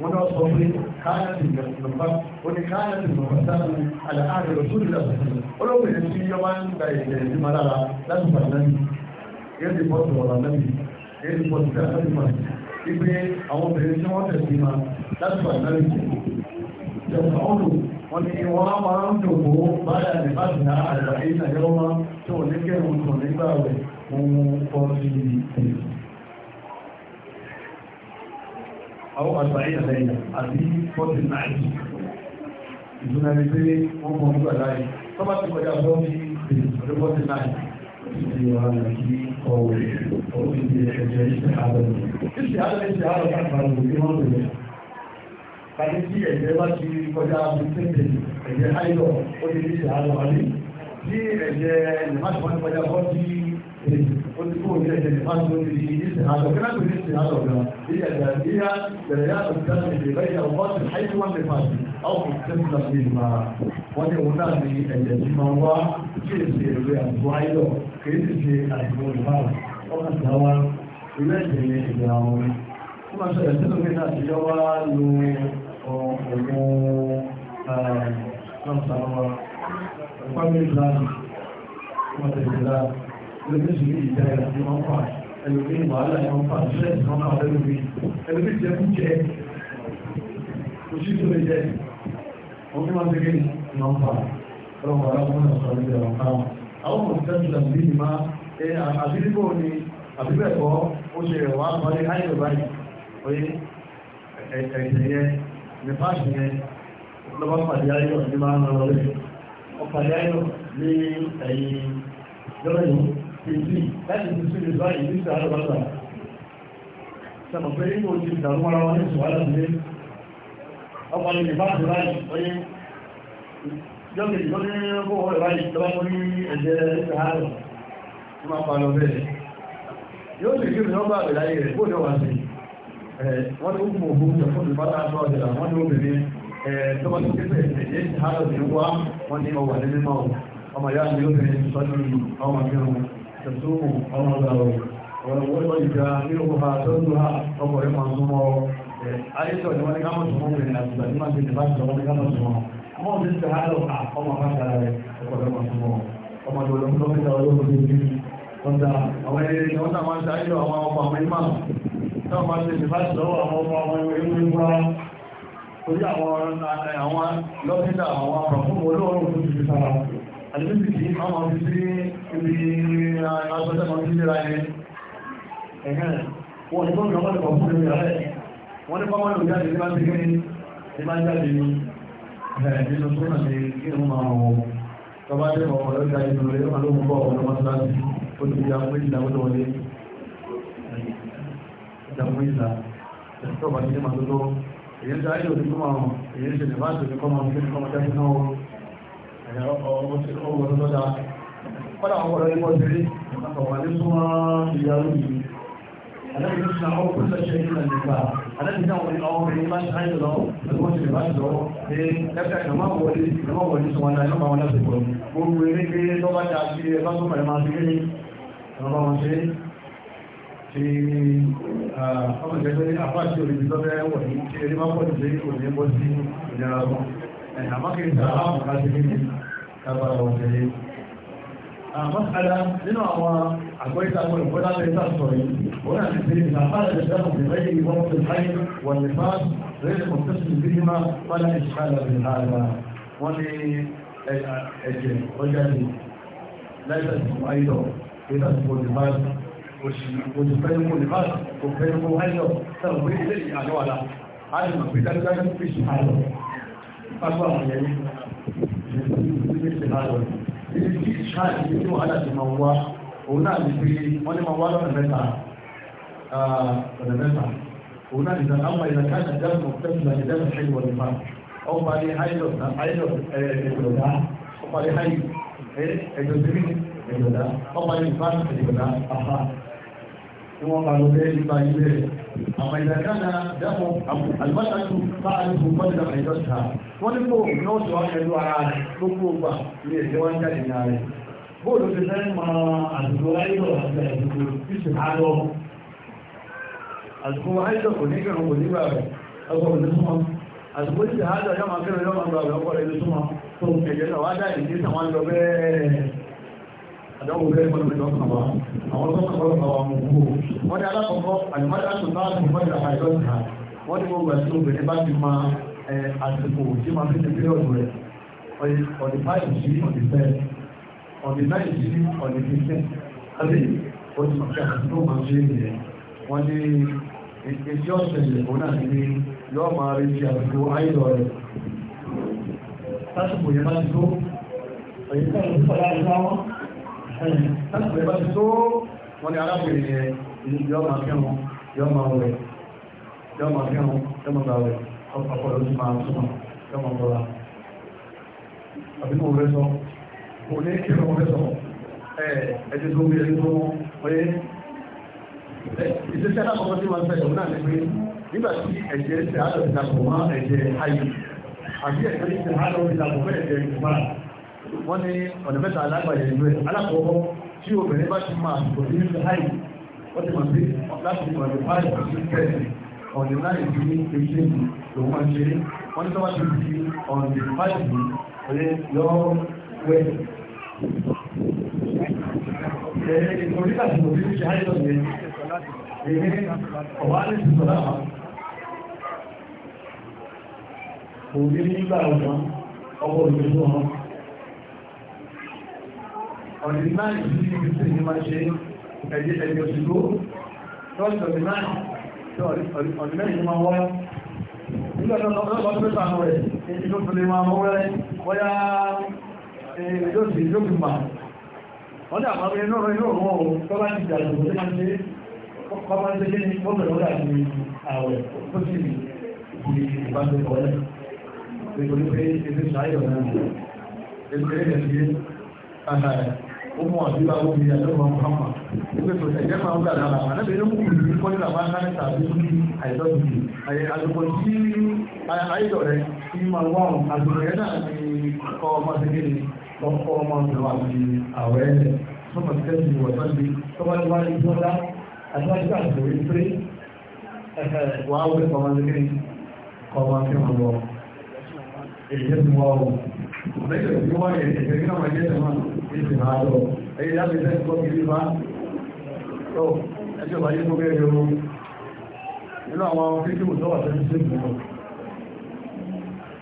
wọ́n náà sọ pé káyọ̀tì ìgbàlùmọ́ ó ní káyọ̀tì ìgbàlùmọ́ àlàáre òṣùlù lọ́sọ̀tì olóbìnrin tí yọ máa ń gba ìgbẹ̀ sí ma lára láti pàdé lẹ́nu yóò ti pọ̀ sọ̀rọ̀ lẹ́nu yóò ti pọ̀ sọ̀rọ̀ lẹ́nu mà ibi àwọn obìnrin tí wọ́n tẹ̀ sí ma láti pàdé lẹ́nu jẹ̀sán ọ̀dù wọn ni wọ́n máa ń dògbò báyà ní báyìí náà àgbà ìṣàjọ́ wọn tí wọ́n ní kẹ́rù tó nígbà rẹ̀ àwọn àgbáyé lẹ́yìn àbí 49 ìdúnà ní pé wọ́n mọ̀ nígbà láyé tó bá ti kọjá bọ́ ní ìdúnà 49 ti wà ní ọ̀wẹ̀ òun ti ẹ̀jẹ̀ ìṣẹ́ àbẹ̀lẹ̀ ìṣẹ́ àbẹ̀lẹ̀ ìṣẹ́ àbẹ̀lẹ̀ àbẹ̀lẹ̀ ní wọ́n bẹ̀rẹ̀ kàdé tí ẹ̀jẹ̀ bá ti kọjá bíntẹ́tẹ̀ ẹ̀jẹ̀ àìlọ̀ ó ti ní ìṣẹ́ àbẹ̀lẹ̀ tí ẹ̀jẹ̀ ìmọ̀ olùkóòdì ẹ̀jẹ̀ ìfáàtì lórí ìdíṣẹ̀ àjọ̀kẹ́lá tó ní ìṣẹ̀ àjọ̀kẹ́lá ìyẹ̀ ìdàdíyà bẹ̀rẹ̀ yàtọ̀ ìdájọ́ ìdèbẹ̀ ìyàwó bá ti ṣáìtì wọn lè fàájì àwọn ìṣẹ́kùnlá sí ìgbà wọ́n ní òun náà ní ẹ̀jẹ̀ tí máa wá kí èsì èrè àbúrò ayọ̀ kì í sì ṣe ẹlòmíṣì ní ìjà ẹ̀rọ ni wọ́n fà ẹlòmí wàhálà ni wọ́n fà ṣẹ́ ìwọ́n fà lẹ́lòmí ẹlòmí jẹ́ kú jẹ́ oṣù tó lè jẹ́ ọdún máa tẹ́gẹ́ ni wọ́n fà ọlọ́wọ́ aláwọ̀ náà sọ ilé ọ̀rọ̀ náà àwọn ọmọ ìjọ ti dàbí ní ma ẹ àbílíbò ni àbíbẹ̀kọ́ ó ṣe rẹ̀ wá wọlé ayé báyìí oye ẹ̀ẹ̀ẹ̀ yẹn ní páàkì yẹn lọ́wọ́ pàdé ayé ní máa ń lọ rẹ̀ ọ̀pàdé ayé ní ẹ̀yìn lọ́rẹ̀ yìí pèsè láti fi sí ìrìnlá ìlú sí àrọ́bàtà sọmọ pé nígbà ojú ìdàrú mara wọn ní ìṣòwádà sílé ọmọ ilẹ̀ bá ti ráyì ọyẹ jọ́kẹ̀ ìjọ́ ní ọgbọ̀wọ̀ ìráyì lọ́wọ́ mọ́ ní ẹ̀jẹ̀ ìṣàárọ̀ tí máa pa lọ bẹ́ẹ̀ yóò sì kí ìrìnlọ́gbà àbẹ̀láyé rẹ̀ bó lọ́wọ́ sí wọ́n ní ó kún òkú ìjọ̀fún ìbátà àtọ́ ọ̀dẹ̀là wọ́n ní obìnrin tọ́wọ́ sí pípẹ̀ ẹ̀jẹ̀ ìṣàárọ̀ sí wá wọ́n ní ọwà ní mímọ́ ọmọ yára ní obìnrin sọ́jú ọmọ mìíràn tẹ̀sùn ọmọ ọ̀dàwò ọ̀rọ̀wọ́lọ́ ìjà nírúkọ̀ha tọ́lúwà ọkọ̀rẹ́ máa súnmọ́ ayétọ̀ ni wọ́n ní kámọ̀ súnmọ́ obìnrin àti ìgbàdí máa ti dìbà jọ wọ́n ní kámọ̀ súnmọ́ ọmọ òbí ti ha lọ ọmọ àpáta rẹ̀ ọkọ̀rẹ́ máa súnmọ́ ọmọ ìwọ̀lọ́ fún dókítà olóògùn ní ọjà àwọn ẹni ni wọ́n máa ń ṣe ayétọ̀ àwọn ọkọ̀ àwọn ìmọ̀ náà máa ti dìbà àwọn àpapọ̀ olóòrùn tó ti fi sára àdébìsì kìí máa mọ̀ sí sí ibi agbẹ́sẹ̀ máa sí léra yẹn ẹ̀hẹ́n wọ́n ní kọ́mọ̀ ọmọdé kan fún ìrìn rẹ̀ wọ́n ní kọ́mọ̀ ìrìn jáde nípa síkẹ́ ní bá jáde ní nínú tó nà ní kí ni máa wọ̀ tọ́ba dé ọmọ ọ̀rẹ́ jáde nínú rẹ̀ yóò lóun bọ̀ ọ̀rẹ́ wọn síláàsì ó ti di àwọn méjìlá wọlé wọlé ìjàmú méjìlá ìjàmú méjìlá ìjàmú méjìlá ìjàmú méjìlá Àlẹ́bìnrin ṣe àwọn òkúta ṣe ìlú ẹ̀lẹ́gbà, àlẹ́bìnrin àwọn obìnrin máa ń ṣe àìlọ́ ẹgbọ́n ṣe bá jọ pé ẹgbẹ́ ẹ̀kẹ́ máa wọlé ìrọmọ̀ wọlé ṣe wọn náà ẹlọ́pàá wọn láti pọ̀. Gbogbo eré pé lọ́bá dá sí ẹgbá tó mẹ́rin máa fi rí ọmọ wọn ṣe tí ọmọ ìjẹ́gbẹ́ àpáṣẹ òrìbí lọ́fẹ́ wọ̀ ní tí eré máa pọ̀ lágbára obìnrin àmọ́sára nínú àwọn àgbẹ́ta olùgbọ́dá lẹ́ta sọ̀rọ̀ yìí wọ́n àti pé ìlàpára ìjọba ìrẹ́yìn ìwọ́n tó táyé wọ́n lè fà rẹ́rẹ́ mọ̀tẹ́sì bírímà fádà ìṣàlẹ̀ ìhàlà wọ́n ní ẹ̀jẹ̀ ọjà ní láìsẹ̀sì ayọ̀ láìsẹ̀sì olùbáṣ òṣìfẹ́yìnmó olùbáṣ òfẹ́yìnmó ayọ̀ sọ̀rọ̀ pé ilé ìyàlọ́ àlà á lè mọ̀ pé dájúdájú fi ṣàlọ̀ ìbáraẹ̀wò ibi tí ṣáà ibi tí wàhálà ti máa wá òun náà ní pé wọ́n ní máa wá lọ́nà mẹ́ta ọ̀nà mẹ́ta òun náà nìkan àwọn ìlànà ìdáhùn ọ̀pẹ́sìlá ìdáhùn ṣe ìwọ̀n nípa ọba ní àìlọ̀ ẹ̀ẹ́dọ̀dá ọba ní àìlọ̀ ẹ̀ẹ́dọ̀dá ọba ní ìbáraẹ̀dọ̀dá àfà ni wọ́n máa lọ bẹ́ẹ̀ nípa ilé rẹ̀ أما إذا كان دم المرأة تعرف قدر حيضتها ونفو نوت واحد وعاد ركوبة لإخوان كالنار بولو في سنة أذكر أيضا أذكر في سبحانه أذكر أيضا كنيك نقول لبابا أقول لسما أذكر هذا يوم أكبر يوم أكبر أقول لسما ثم يجب أن أدعي إنسان وأن àdáwò bẹ́ẹ̀ mọ́lọ́ mẹ́lọ́ kan wá àwọn tó kọ́ lọ́kọ̀ wa mú kú wọ́n ní alákọ̀ọ́kọ́ àlùmọ́dá tó náà tó mọ́lẹ̀ àbáyọ́ ìta wọ́n ní gbogbo ẹ̀sùn obìnrin bá ti ma àsìkò tí ma fi ti pé ọ̀dù rẹ̀ ọ̀dì fáìlì sí ọ̀dì bẹ́ẹ̀ ọ̀dì náì sí ọ̀dì fífẹ́ àbí oṣù kọ̀ọ̀kẹ́ àti tó máa ṣe é wọ́n ní ìdí ọ̀sẹ̀ òun náà ní yọ́ máa rí ti àsìkò àìlọ rẹ̀ lásìkò yẹn bá ti tó ọ̀yẹ́ká ìlú pẹ̀lú àìlú àwọn láti bá ti tó wọ́n ni arábìnrin yẹn yọ́ máa fẹ́ràn yọ́ máa wẹ̀ yọ́ máa fẹ́ràn yọ́ máa gbà wẹ̀ ọ̀pọ̀ ló ti máa súnmọ́ yọ́ máa bọ́ra àbí mo fẹ́ sọ mo ní kí mo fẹ́ sọ ẹ̀ẹ́dẹ́ tó bí ẹni tó wọ́n ìṣẹ́ṣẹ́ alákọ̀ọ́kọ́ tí wọ́n ń fẹ́ òun náà ní pé ẹ̀jẹ̀ ṣe àbí ẹ̀jẹ̀ ṣe àlọ́ ìdàpọ̀ mọ́ ẹ̀jẹ̀ ìgbà wọ́n ní ọ̀nà mẹ́ta alágbàyẹ ìlú ẹ̀ alákọ̀ọ́kọ́ tí obìnrin bá ti máa tò ní ní láì wọ́n ti máa gbé láti ọ̀nà fáìlì sí bẹ́ẹ̀ ọ̀nà láì fi ní èyí lòun máa ṣe wọ́n ní tọ́wọ́ ti fi ọ̀nà fáìlì rẹ̀ lọ wẹ̀. Ìtòrí Òní nígbà ọ̀gbọ́n, ọkọ̀ òṣèlú ọ̀hún on náà yìí ti fi ní máa ṣe ẹ̀jẹ̀ ẹ̀jẹ̀ òṣìṣẹ́ lọ́sì ọ̀dì náà ọ̀dì náà yìí máa wá nígbà tó lọ́pọ̀ tó pèsè àwọn rẹ̀ èyí tó tún lè máa mọ́ wẹ́rẹ́ bóyá yóò sì yóò fi mà wọ́n dà máa bẹ́ẹ̀ lọ́rọ̀ inú òun ọ̀hún tó bá ti jà lòun tó máa ṣe kọ́ máa ṣe kí ni ó bẹ̀rẹ̀ lọ́dà sí ààwẹ̀ tó sì di ìbáṣepọ̀ rẹ̀ nítorí pé ebi ṣáyọ̀ náà ebi kéré ọmọ àdúrà omi àdúrà Muhammad wípé tó ẹ̀jẹ̀ máa ń gbà lára ànábì inú kùkù ní kọ́lé làwọn akáni tàbí ní àìdọ́tì àdùkọ tí àìdọ̀ rẹ̀ ní máa wá ọ̀hún àdùkọ yẹn náà ní ọkọ ọmọ ṣẹ́gẹ́lì ọkọ ọmọ ìjọba àti àwẹ̀ ẹ̀ sọmọ tẹ́sí wọ̀tán bí tọ́wọ́lé wá ní tọ́lá àtúwájú àti òwe pé wàá wẹ̀ ọmọ ṣẹ́gẹ́lì kọ́ ọmọ fẹ́ràn lọ èyí Mẹ́jọ tí wọ́n yẹ ìṣẹ́ ní ọmọ ẹgbẹ́ ẹ̀mọ́ ìṣẹ́ máa lọ. Ẹyẹ láti fẹ́ kọ́ kìí bá. Tó ẹjọ́ bá yé kó bẹ́ẹ̀ yọ nínú àwọn fíkìmù tó wà tẹ́lú sí ìgbìmọ̀.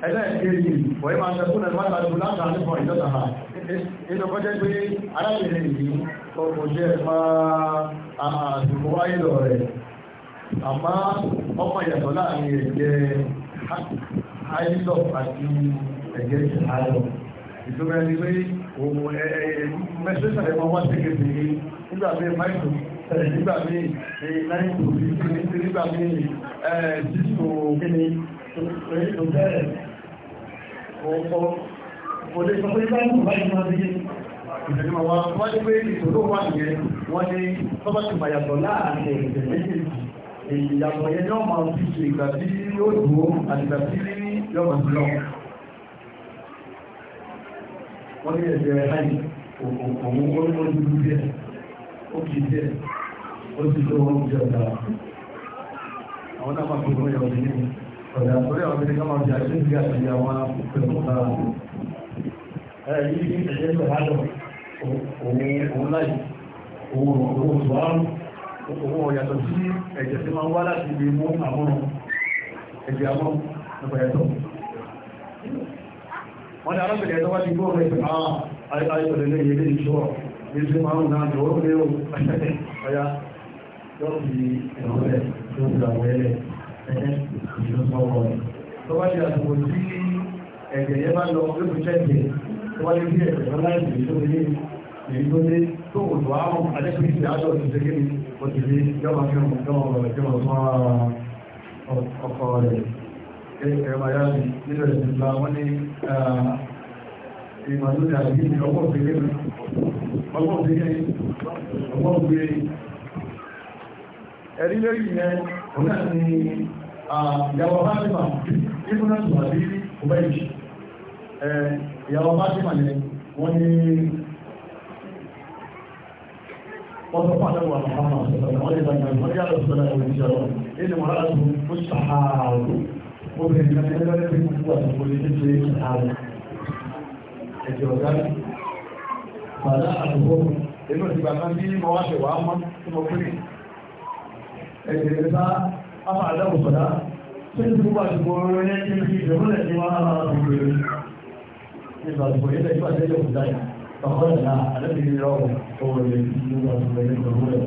Ẹlẹ́ẹ̀kejì, wọ́n máa ń sẹ́kún náà máa tàbí látà Àmá ọmọ ìyàtọ̀ láàrin ẹ̀jẹ̀ àìsọ̀ àti ẹ̀jẹ̀ ti máa lọ ìjọba ẹni pé òun mẹ́sẹ̀sà ẹ̀ máa wá ṣèkèdè nígbà bí máìlù nígbà bí náírà tó fi ṣe nígbà bí títò kíni tó bẹ̀rẹ̀ kò lè sọ pé báyìí báyìí máa bí ìdẹ̀lẹ́mọ̀ wa wọ́n ní pé ìṣòro wà nìyẹn wọ́n ní tọ́bá ti mà yàtọ̀ láàrin ẹ̀rẹ̀ méjèèjì èyí ìyàtọ̀ yẹn yọ́ máa fi ṣe ìgbà tí yóò dúró àti ìgbà tí yọ́ máa fi lọ wọ́n ní ẹ̀jẹ̀ hajj òun ó ní ojú díẹ̀ ó kì í díẹ̀ ó sì tó wọn jẹ ọ̀dà àwọn náà máa fi wọn yọ ọdún yìí ọ̀dà torí àwọn ọdún ká máa fi àṣẹ ìgbà àti àwọn pẹ̀lú ọ̀dà ẹ̀ yìí ní ẹ̀jẹ̀ tó há lọ òun láì òun òun tó á òun ọ̀yàtọ̀ sí ẹ̀jẹ̀ tí máa ń wá láti ibi mú àwọn ẹ̀jẹ̀ àwọn ẹ̀bẹ̀yàtọ̀ wọ́n ni arábìnrin ẹ̀tọ́ wá ti gbọ́ rẹ̀ ah àìsọ̀rẹ̀ lẹ́yìn ilé ìṣọ́ ilé márùn náà jọ ó léò ọ̀yá yóò fi ẹ̀rọ rẹ̀ tó fi àwọn ẹlẹ̀ ẹ̀ẹ́ ìṣọ́sọ́wọ́ rẹ̀ tó bá ṣe àsìkò tí ẹ̀jẹ̀ yẹn bá lọ yóò fi ṣẹ́ẹ̀jẹ̀ tó wá lé bí ẹ̀jẹ̀ lọ láì lè tó lé ẹ̀rọ ayá mi nínú ẹ̀sìn ìgbà wọ́n ní ìmọ̀lódé àti ìdí ọwọ́ òfin ọwọ́ òfin ọwọ́ òfin ẹ̀rí lórí ìyẹn òun náà ni ìyàwó fátímà ìbúná tó àbí ọbẹ̀jì ìyàwó fátímà ni wọ́n ní wọ́n tó pàdé wà mọ́hàmà wọ́n lè bàjẹ́ wọ́n yàtọ̀ sọ́dọ̀ ìwé ìjọba ilé mọ̀lá obìnrin náà ẹgbẹ́ lẹ́gbẹ́ tí wọ́n tó wọlé ní ṣe ààrẹ ẹ̀jẹ̀ ọ̀gá ní bàdá àdúgbò inú ìgbà náà bí mo wá ṣe wàá mọ́ tí mo pín ẹ̀jẹ̀ ìgbà afọ àdáwò sọ̀dá tí ó ti gbogbo àdúgbò rẹ̀ yẹn kí ní ìjọmọ́lẹ̀ ní wọ́n á máa gbogbo rẹ̀ nígbà àdúgbò yẹn lẹ́gbẹ́ àdúgbò ìgbà yẹn فقال لا الذي يراه هو الذي يراه بين الرجل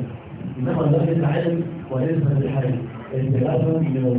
انما ذلك العلم وليس بالحي التلازم اليوم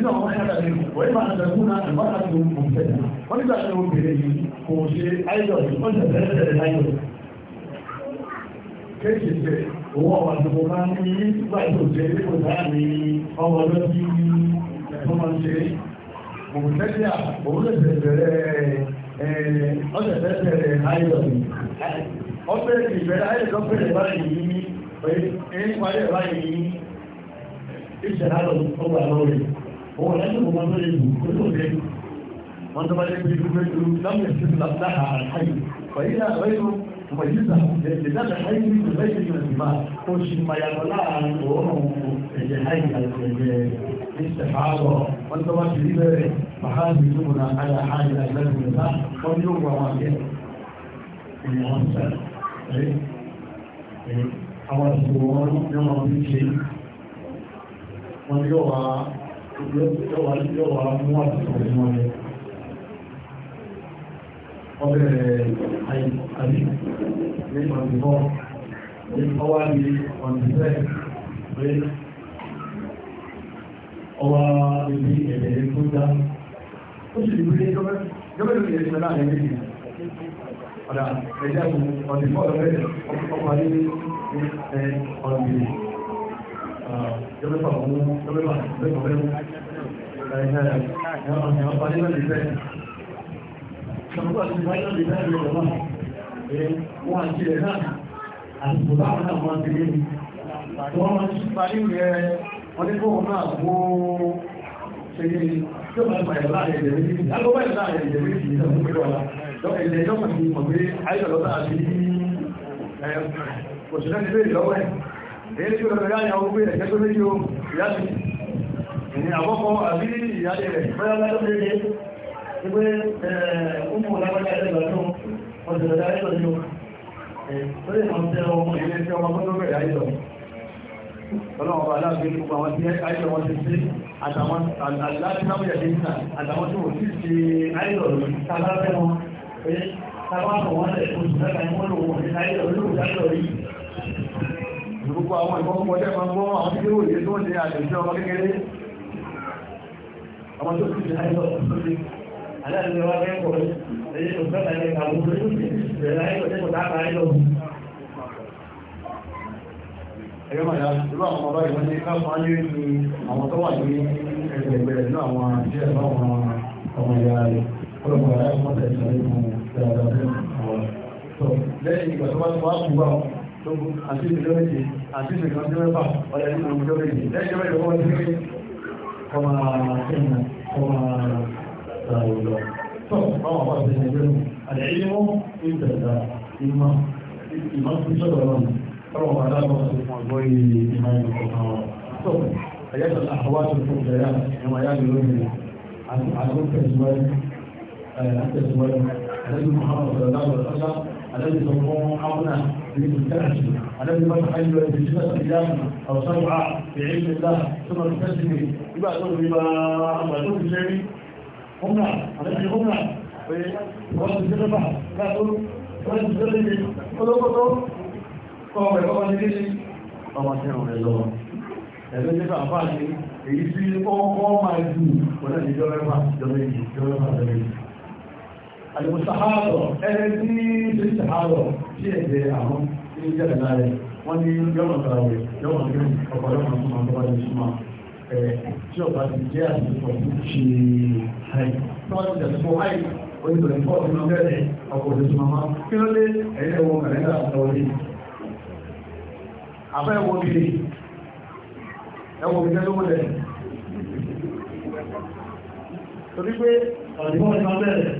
nínú àwọn ṣàlàyé wọ́n yíba àtàkùnà àmọ́kàtò òfẹ́dà wọ́n nígbà tí ó bèèrè yìí kò ṣe àìdọ̀ ìfọ́jẹ̀ bẹ̀rẹ̀ láyọ̀ kéèkì tẹ̀ owó ọ̀wà àtàkùn máa ń ní nígbà tó jẹ́ nípò láàrin ọwọ́ lọ́bí ẹ̀fọ́ máa ń ṣe òfẹ́dà òun lè bẹ̀rẹ̀ ọ̀sẹ̀ bẹ̀rẹ̀ láyọ̀ ọ̀fẹ́ ìbẹ̀rẹ̀ ayẹ̀kọ́fẹ́rẹ̀ báyìí ní ìṣẹ̀lá lọ́wọ́ lórí هو لازم وما بينهم كلهم كده وانت بقى لم يستفل أبناها على الحي فإذا غيره مميزة لذات الحي من بيت الانتماء خش ما يطلع عن قرونه الحي الاستفعال وانت بقى كده فحال يجبنا على حال أجلال النساء إيه؟ إيه، إيه؟ ويوم وواقع العنصر حوالي سوون يوم ربي شيء ويوم Ọwá ibi ẹ̀bẹ̀rẹ̀ tó dá. Ó sì rí pé gọ́mẹ́lú ìrẹsìnlẹ̀ láàrin méjì. Ọ̀dá ẹ̀jẹ́ fún ọdún fọ́ọ̀lọ́rẹ́ ọkọ̀ ayé ní ọdún yóò mẹ́fà mú yóò mẹ́fà mẹ́fà mẹ́fà ẹ̀hẹ́ ọ̀sẹ̀ ọ̀pá nígbà tí fẹ́ ṣọ̀rọ̀pá ti wáyé lọ́dí fẹ́ lọ́dọ̀ náà ẹ̀ wọ́n àti ilẹ̀ náà àti bùbá wọn náà wọ́n ti lé mi wọ́n máa ti parí rẹ̀ wọ́n ní kóhùn náà wó ṣe ní tó máa pàyà láàrin ẹ̀jẹ̀ méjì lágbọ́bá ìlà ẹ̀jẹ̀ méjì ní ọdún pẹ̀lú ọ̀la ẹ̀jẹ̀ ìjọba ti mọ̀ pé ayé ọ̀lọ́ta àti òṣèlú ti lé ìlọ́wọ́ ẹ̀ èyí tí ó lọ́pẹ̀ láyà ó gbé ẹ̀jẹ́ tó méjì ó ìyá sí ìní àkọ́kọ́ àbí ìyá rẹ̀ bọ́yá lọ́pẹ̀ lé wípé ọmọ lábájá ẹgbẹ̀rẹ̀ tó ọdún ọdún ayé lọ ní o tó lè máa ń tẹ́ ọmọ ilé tí ọmọ tó bẹ̀rẹ̀ ayé lọ ọlọ́wọ́ bá aláàbí gbogbo àwọn tí ayé wọn ti sí àtàwọn aláàbí sábúyà ti sà àtàwọn tó wọ́n sì ṣe ayé lọ lórí tábà fẹ́ wọn pé tábà àwọn wọn lẹ̀ oṣù mẹ́ta ni wọ́n lò wọ́n gbogbo àwọn ìfọ́kúnmọ́ tẹ́ gbọ́ àwọn tí ó yẹ tó ń ṣe ọmọ kékeré àwọn tó ti ṣe aláàrẹ wa kẹ́kọ̀ọ́ ẹ̀yẹ́ tó fẹ́ láyé àwọn olóògbé ìrẹ̀lá ẹ̀kọ́ ọmọ ìgbà tó bá tó wá kú bá lógún àti ìjọ méjì àti ìjọ tí mẹ́fà ọ̀rẹ́ nínú ìjọ méjì lẹ́yìn mẹ́jọ wọ́n ti rí ọmọ ẹ̀nà ọmọ ìlọ tó ọmọ ọmọ ti ẹgbẹ́ mú àti ẹ̀yìn mú ìbẹ̀dà ìmọ̀ ìmọ̀ tó sọ̀rọ̀ lọ́nà ọmọ ọmọ aláàbọ̀ tó fún ọgbọ́ yìí ìmọ̀ ìlú kọ̀ọ̀kan wọn tó ẹ̀yẹ́sọ̀ àwọn tó fún ìjẹ̀yà ẹ̀wọ̀n ayá mi lónìí الذي تقوم حولنا للمستهزئ الذي فتح ايها بجنة ايام او سبعه بعلم الله ثم تستسلم يبقى تقول بما امرتك بشيء قمنا الذي قمنا وقت الجنة لا تقول وقت الجنة قلوا قلوا قوم بابا نجيسي ọmọ tí wọ́n rẹ̀ lọ ẹgbẹ́ jẹ́ bàbá ní èyí tí ó kọ́ máa jù wọ́n náà ní jọ́rẹ́fà jọ́rẹ́fà jọ́rẹ́fà jọ́rẹ́fà àlùmùsàhárọ̀ ẹni tí ṣe ń sàhárọ̀ sí ẹ̀jẹ̀ àwọn ní ìjẹ́lẹ̀ láàrẹ wọ́n ní yọ́mọ̀ tààwẹ̀ yọ́mọ̀ tí ọkọ̀ yọ́mọ̀ tó máa tọ́wọ́ ní súnmọ́ tí ọba ti jẹ́ àtìkọ̀ tó ṣe àì tọ́wọ́ ti jẹ́ àì oníbẹ̀rẹ̀ fọ́ ọdún ọgbẹ́rẹ̀ ọkọ̀ òṣèṣù mama kí ló lé ẹ̀yẹ́ ẹ̀wọ̀ kàlẹ́ndà àtọwọ́lé àbẹ́ ẹ̀wọ̀ kiri ẹ̀wọ̀ kiri ló mọ̀lẹ̀ torí pé ọ̀dìmọ̀ ìmọ̀ bẹ̀rẹ̀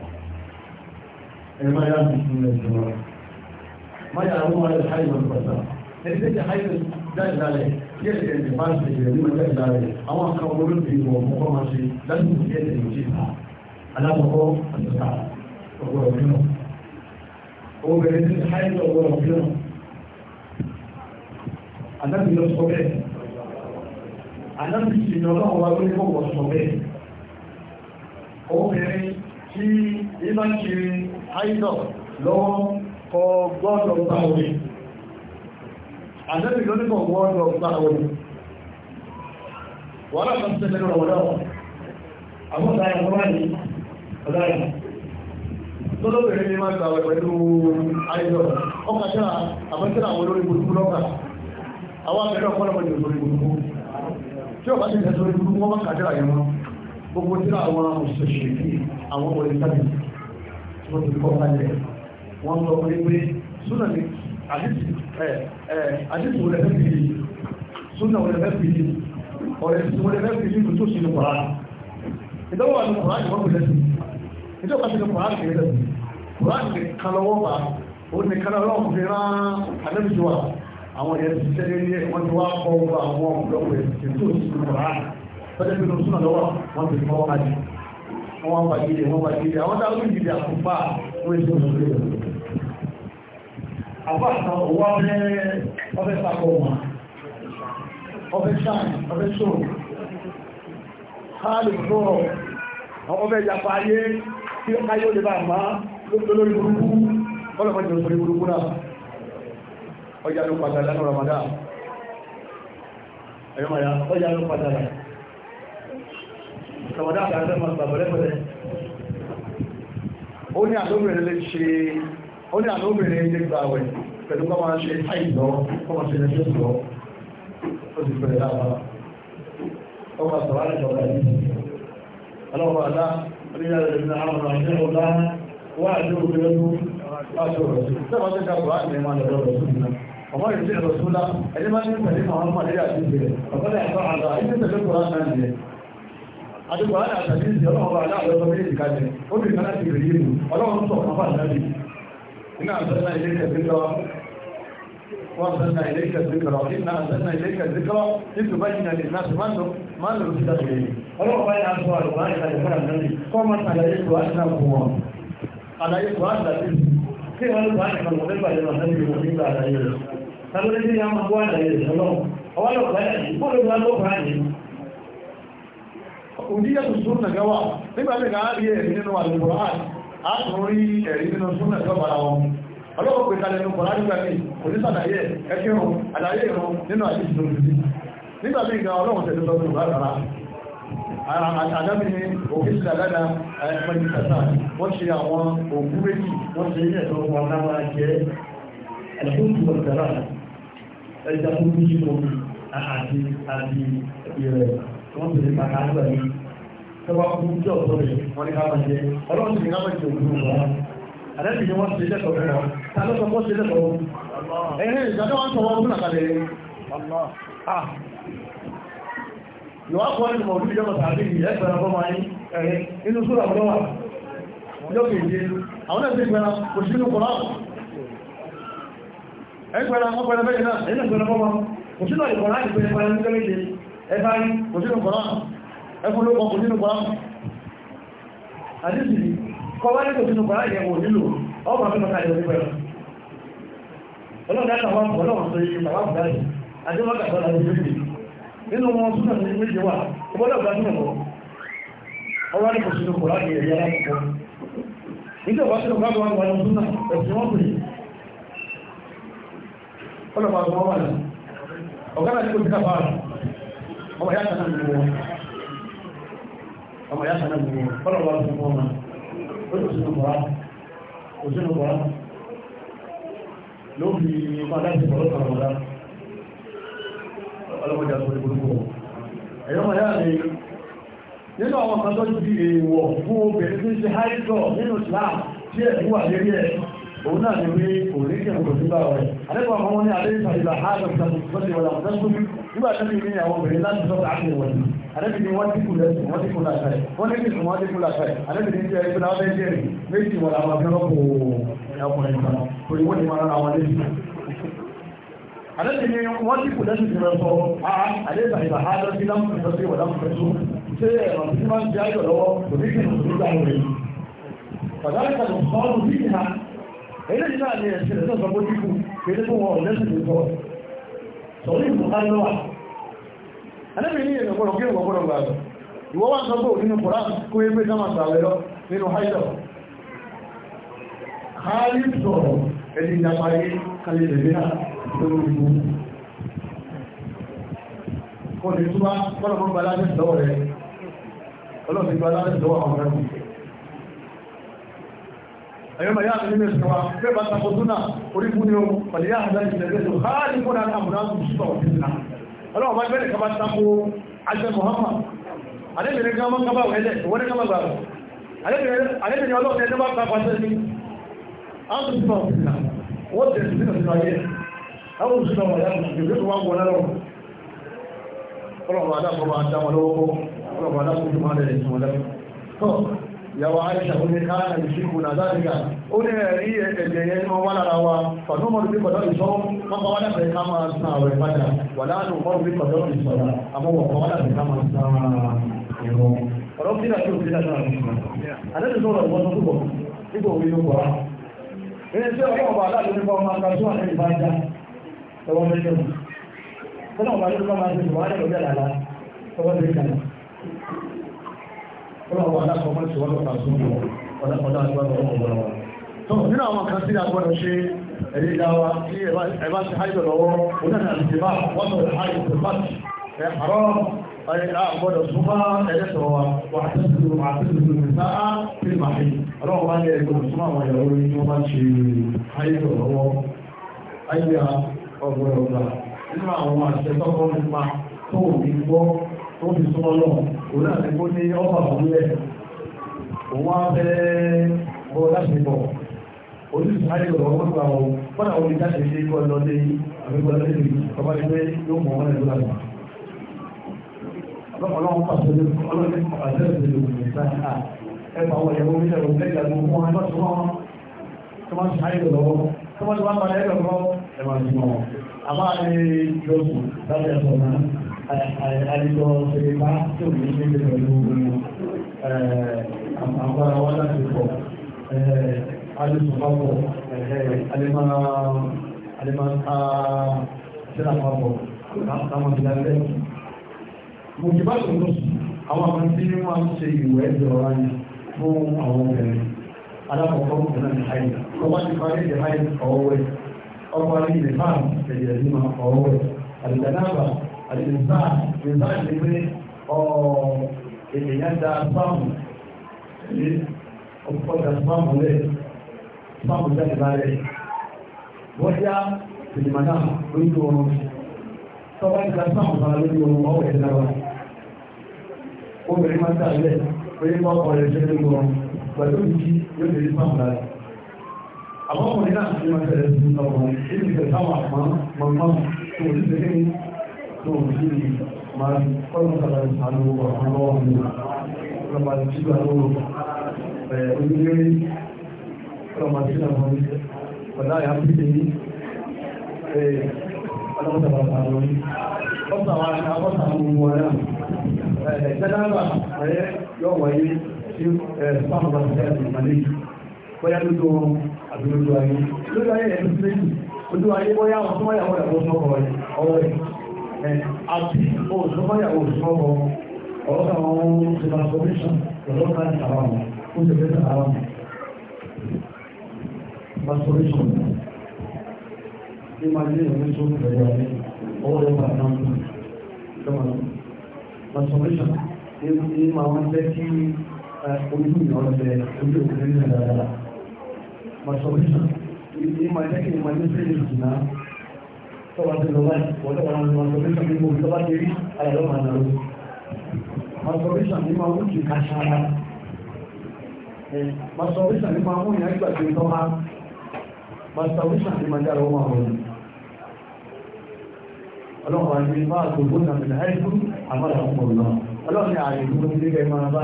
ẹ̀rọ yá ti fún ẹ̀sìn wọn máyà àwọn ọmọ rẹ̀ ṣáì wọn pẹ̀lú ẹni tí ti ṣáì jáde lálẹ́ kí ẹ̀sìn ẹ̀sìn bá ń ṣe ìrẹ̀ níwọ̀n jáde lálẹ́ àwọn kan olóògbé ìwọ̀ ọmọkọ́ máa ṣe lásìkò sí ẹ̀sìn ìjì alákọ̀ọ́kọ́ àtúntà ọgbọ̀rọ̀ mìíràn obìnrin tí ṣáì ọgbọ̀rọ̀ mìíràn anábì obìnrin tí ibà ń ṣe àìdọ̀ lọ́wọ́ kọ gbọ́dọ̀ gbà orí àjẹ́bì lónìkọ̀ gbọ́dọ̀ gbà orí wọ́n láti ṣe lẹ́nu ọ̀wọ́dọ́wọ́ àwọn ọ̀dá ẹ̀kọ́ wá ní ọ̀dá ẹ̀ tó lóbìnrin ní máa gbàwẹ̀ pẹ̀lú àìdọ̀ ọkàtà àbẹ́tẹ̀lá àwọn olórin burúkú lọ́kà àwọn abẹ́rẹ́ ọ̀pọ̀lọpọ̀ ní olórin burúkú tí ọba ti tẹ̀sọ́ olórin burúkú wọ́n bá kàdé àyẹ̀wọ̀n gbogbo tí àwọn òṣìṣẹ́ àwọn olórin sábẹ̀ wọ́n ti kọ́ kalẹ̀ wọ́n sọ pé pé súnà ní àdìsí wọlé fẹ́ fi yìí súnà wọlé fẹ́ fi yìí ọ̀rẹ́ sí wọlé fẹ́ fi yìí tó sínú kọ̀rá ìdánwò àti kọ̀rá ni wọ́n fi lẹ́sìn ìdánwò àti kọ̀rá ni wọ́n fi lẹ́sìn kọ̀rá ni kalọ́wọ́ bá ó ní kalọ́wọ́ fi rán àdébìjọ wa àwọn yẹn ti sẹ́lẹ̀ ní wọ́n ti wá kọ́ àwọn ọ̀pọ̀lọpọ̀ ẹ̀ wọ́n wà gidi wọ́n wà gidi àwọn táwọn gidi àkùnfà wọ́n èso lórí rẹ̀ àbá àtà òwò ọ̀rẹ́ ọ̀fẹ́ sàkọ̀ wọn ọ̀fẹ́ sàn ọ̀fẹ́ sọ̀rọ̀ káàlù sọ̀rọ̀ àwọn ọ̀fẹ́ ìjàpá ayé tí ó káyé ó lè bá àmá lórí burúkú ọlọ́pàá jẹ́ òṣèré burúkú náà ọjà ló pàtàkì lánàá Ramadan ẹ̀yọ́ màá ya ọjà ló pàtàkì sọ̀wọ́dá àtàrẹ́ mọ́ bàbọ̀lẹ́pẹ̀lẹ́ ó ní àlóbìnrin lè ṣe ó ní àlóbìnrin lè gbà wẹ̀ pẹ̀lú kọ́ máa ṣe àìsọ́ kọ́ máa ṣe lè ṣe sọ́ ó ti pẹ̀lẹ́ láàbá ó máa sọ̀rọ̀ àrẹ̀ jọba yìí ọlọ́wọ́ àlá oníyàrá ìrìnà àwọn àjẹ́ ọlá wà ní òkè ọdún wà sí ọ̀rọ̀ sí sẹ́wọ́n ti ká àdúgbò àdá àtàlí ìsìn ọlọ́run bá aláàbẹ̀ ọmọ méjì kalẹ̀ ó bì kan láti rèé ìlú ọlọ́run sọ ọ̀kan fàdá bì iná àtàlá ilé ìkẹsìkọ wọ́n sẹ́nà ilé ìkẹsìkọ iná àtàlá ilé ìkẹsìkọ títù bá yìí nàlè náà máa ń lò máa ń lò sí ìdájọ́ yìí ọlọ́run bá yà sọ àlùbá ìkàlẹ̀ fún àgbẹ̀lẹ̀ kọ́ máa àlàyé kò á nà fún wọn àlàyé kò á nà sí kí wọ́n lè bá nìkan kò lẹ́gbàá lè máa sẹ́ni ìwọ̀n nígbà àlàyé rẹ̀ òdíyàtò súnà gẹ́wà nígbàtí ká rí ẹ̀rí nínú àdúgbò àtúrí ẹ̀rí nínú súnà gẹ́wà wọn ọlọ́pọ̀ pẹ̀ta lẹ́nu kọ̀lá nígbàtí onísàdàyẹ ẹkẹrùn àdáyé ìrún nínú àdíjìdó lùdí nígbàtí ìgbà ọlọ́run tẹ̀lé lọ́dún lára àdámi ni òfin sí àdáda ẹgbẹ̀rún kàtà wọ́n ṣe tọba kún jọ tó rẹ̀ wọ́n ní káàmà jẹ́ ọlọ́run ti káàmà jẹ́ òkú wọn àdẹ́bì ni wọ́n ti lẹ́tọ̀ọ́ fẹ́ wọn ta ló sọ fọ́ sí lẹ́tọ̀ọ́ ẹ̀hìn ìjọba wọn sọ wọn fún àkàlẹ̀ yóò ah. kọ́ ní mọ̀ orí ìjọba tàbí ẹgbẹ̀rẹ̀ ọgbọ́n máa ń ẹ̀rẹ́ inú súra ọ̀dọ́ wà lókè ìdí àwọn ẹgbẹ̀rẹ̀ gbẹ̀rẹ̀ kò sínú kọ̀lá ẹgbẹ̀rẹ̀ ọgbẹ̀rẹ̀ bẹ́ẹ̀ náà ẹgbẹ̀rẹ̀ ẹkùn ló kọkùn nínú kọ́lá àdísì kọwá nítò sínú kọ́lá ìyẹ̀wò nílò ọmọ àfihàn kan ìyẹ̀wò pẹ̀lú ọlọ́dá àwọn ọmọ ọlọ́wọ̀n tó yí bàbá bùdá yìí àti mọ́kà sọ́lá ní méjì nínú wọn súnà ní méjì wà ọgbọ́dọ̀ bá sínú kọ́ ọmọ wà ní ọ̀gá ọmọ yá sọ́nà gbogbo kọ́lọ̀ wá fún ọmọ ó lè sínú bọ̀rá kò sínú bọ̀rá ló fi ipa láti bọ̀rọ̀ kan ọ̀dá ọlọ́mọdé àti olùgbòrò ẹ̀yọ́ mọ̀ yá ni nínú àwọn kan tó ti èèwọ̀ fún obìnrin tí ń ṣe háìtọ̀ nínú Islam tí ẹ̀ wà lérí ẹ̀ òun náà ni pé kò ní kí ẹ̀kọ́ sí bá ọ̀rẹ́ àdẹ́kọ̀ọ́ àwọn wọn ní àdéhìsà ìlà háàbẹ̀ ìsàkùnfẹ́ ti wọ̀lá àdébìdì wọ́n ti kù lẹ́sùn wọ́n ti kù làṣàrẹ̀ wọ́n ní kìsùn wọ́n ti kù làṣàrẹ̀ àdébìdì ń jẹ́ ìpínlẹ̀ abẹ́ jẹ́ rẹ̀ méjì wọ́n làwọn abẹ́ rọ́pò ọkùnrin kan torí wọ́n ti máa ra wọn lẹ́sùn. àdébìdì wọ́n ti kù lẹ́sùn ìrẹ́ sọ àdébà ìbà hádọ́ sí lámùfẹ́sí wọ̀ lámùfẹ́sí ṣé ẹ̀rọ tí máa ń jẹ́ ayọ̀ lọ́wọ́ kò ní kìsùn tó dá rẹ̀. pàtàkì àlùfáàlù yìí ha eléyìí náà ni ẹ̀sìn ẹ̀sìn ọ̀sán bó dínkù kí anábìrin yẹn lọ́gbọ́dọ̀ kí lọ́gbọ́dọ̀ gbà lọ ìwọ́ wá sọ pé nínú kùrá kó yẹ pé sáma sàwẹ̀ lọ nínú haidọ̀ káàlì sọ̀rọ̀ ẹni ìjàpáyé kalẹ̀ lẹ́lẹ́ náà tó ń bí wọn kọ́ ní túbá kọ́nà mọ́ gbalá ní ìdọ́wọ̀ rẹ̀ ọlọ́ọ̀fẹ́ gbalá ní ìdọ́wọ̀ àwọn ọmọ rẹ̀ ayyama ya nemi ọlọ́wọ́ bá bẹ́rẹ̀ kaba tako alẹ́ Muhammad alẹ́bìnrin gama kaba wẹ́lẹ̀ wọ́n kama gbà alẹ́bìnrin ọlọ́wọ́ ẹ̀dẹ́ bá kaba sẹ́ni an tó sọ ìlà wọ́n tẹ̀ sí nínú sọ ayé àwọn òṣìṣẹ́ wọn yàtọ̀ ìgbésẹ̀ tó wà ń wọlé lọ́wọ́ ọlọ́wọ́ adá kọba adá ọlọ́wọ́ adá ìyàwó àìṣà ó ní káàkà ìṣíkù náà dáríga ó ní ẹ̀rí ẹ̀jẹ̀ yẹn mọ́ wá lára wa fàdúmọ̀ ní pẹ̀lú ìṣọ́ mọ́kọ́ wá láti ká máa san àwẹ̀ padà wà láàánú mọ́ ní pẹ̀lú ìṣọ́ra àmọ́wọ̀ kọ́ wá láti ká máa san ẹ̀rọ ọ̀rọ̀ bí láti òfin láti àwọn ìṣọ́ àdẹ́sì sọ̀rọ̀ ìwọ́n tó bọ̀ nígbà orí ló wà ilé iṣẹ́ ọ̀rọ̀ ọba aláàbò nípa ọmọ akásí wà ní ìbájá ẹwọ́n mẹ́jọ ọlọ́wọ́ alákọ̀ọ́mọ́ ti wọ́n lọ́ta sún mọ́ ọ̀dọ́kọ̀ọ́dá agbára ọmọ ọ̀gbọ̀n wa. tó nínú àwọn kan sí agbọ́dọ̀ ṣe ẹ̀rí ìdáwa tí ẹ bá ti háìdọ̀ lọ́wọ́ onáà àti ìbá wọ́n tó rẹ̀ háìdọ̀ tó bá ti ẹ̀ àrọ́ agbọ́dọ̀ súnmọ́ ẹ̀dẹ́sọ̀ wa wà á ti sùn wà á ti sùn ní sáà tí màá fi ọlọ́wọ́ bá ní ẹgbẹ̀rún súnmọ́ àwọn ìyàwó ní wọ́n bá ṣe háìdọ̀ lọ́wọ́ ayé tó fi súnmọ́ lọ òun náà ti kó ní ọ́fà fúnlẹ̀ òun wá fẹ́ bọ́ láti bọ̀ ojú ìsáyé ọ̀rọ̀ ọmọ ìgbà wọn fọ́nà omi jáde sí ikú ọlọ́dẹ àbíkọ́ lọ́dẹ ìlú ọba ìgbé yóò mọ̀ wọn lẹ́nu lánàá ọlọ́run pàṣẹ ọlọ́run pàṣẹ ìlú ìsáyà ẹgbà wọn ẹ̀wọ̀n mi lẹ́nu lẹ́gbàá tó wọn ẹgbà tó wọn tó wọn sáyé lọ́wọ́ tó wọn tó wọn padà ẹgbà tó wọn ẹgbà tó wọn àbá ẹ̀yọ́ àìjọ ṣèlébá tí ò ní ṣe pẹ̀lú àpárá wá láti pọ̀ alùsùpapọ̀ alẹ́mọ̀ká sílàpapọ̀ àmọ̀bìlálẹ́ mo ti bá tòun lọ́sù àwọn àwọn tí wọ́n ń ṣe ìwẹ̀ ẹ̀jọ̀ ayé fún àwọn obìnrin alákọ̀ọ́kọ́ obìnrin ní àìyà ọba ti parí ìdè àìyà ọ̀wẹ́ ọba ní ìdè fáàmù ẹ̀yẹ̀ ìdímọ̀ ọ̀wẹ́ àdìgbàdàbà àdìsá àdìsá ti pé èèyàn da spáàmù ní ọ̀pọ̀lọpọ̀ spáàmù rẹ̀ spáàmù jáde lálẹ́ wọ́n yá sinimá lójú oorun tọ́ba ìgbà spáàmù fara lójú oorun ọwọ́ ẹ̀ lára obìnrin máa ń tàlẹ̀ pé wọ́n kọ́ ẹ̀ ṣe lójú oorun pẹ̀lú ìjì yóò lè spáàmù lára àwọn ọmọ nígbà tí wọ́n tẹ̀lé sí ọmọ ìlú ìfẹ̀sáwà mọ́ mọ́ tó ń fi máa ń kọ́nà sára ìsàlù ọ̀rọ̀ lọ́wọ́ mi lọ́pàá ti ṣígbà lóòrò onílé lọ́pàá ti ṣígbà lóòrò ọ̀dá ìyá fi ṣe ní ọlọ́pàá ti ṣàlù ọ̀sán wa ṣe àkọ́sà gbogbo ọ̀rẹ́ ẹ̀ẹ́dẹ́gbà ẹ̀yẹ yóò wáyé sí ẹ̀ẹ́dẹ́gbà ayé lójú ayé ẹ̀ẹ́dẹ́gbà ẹ̀kọ́ sọ́kọ̀ ọ̀rẹ́ àti òṣùpáyà òṣùpọ̀ ọ̀rọ̀ta àwọn ohun ti transformation lọ́lọ́ta ní àwọn ọmọ ó ti fẹ́ àwọn ọmọ transformation ní máa ní ìwé tó ń bẹ̀rẹ̀ àti tọ́ba tó lọ báyìí wọ́n tọ́ba lọ masturbation ní gbogbo tọ́ba ti rí ayàlọ́ máa nàró masturbation ní máa wújì ká ṣára masturbation ní máa mú ìyá ìgbà tó tọ́ máa masturbation ní máa dára ọmọ àwọn ọmọ ọlọ́pàá ní máa gbogbo nàmìlà ẹ̀kú máa bá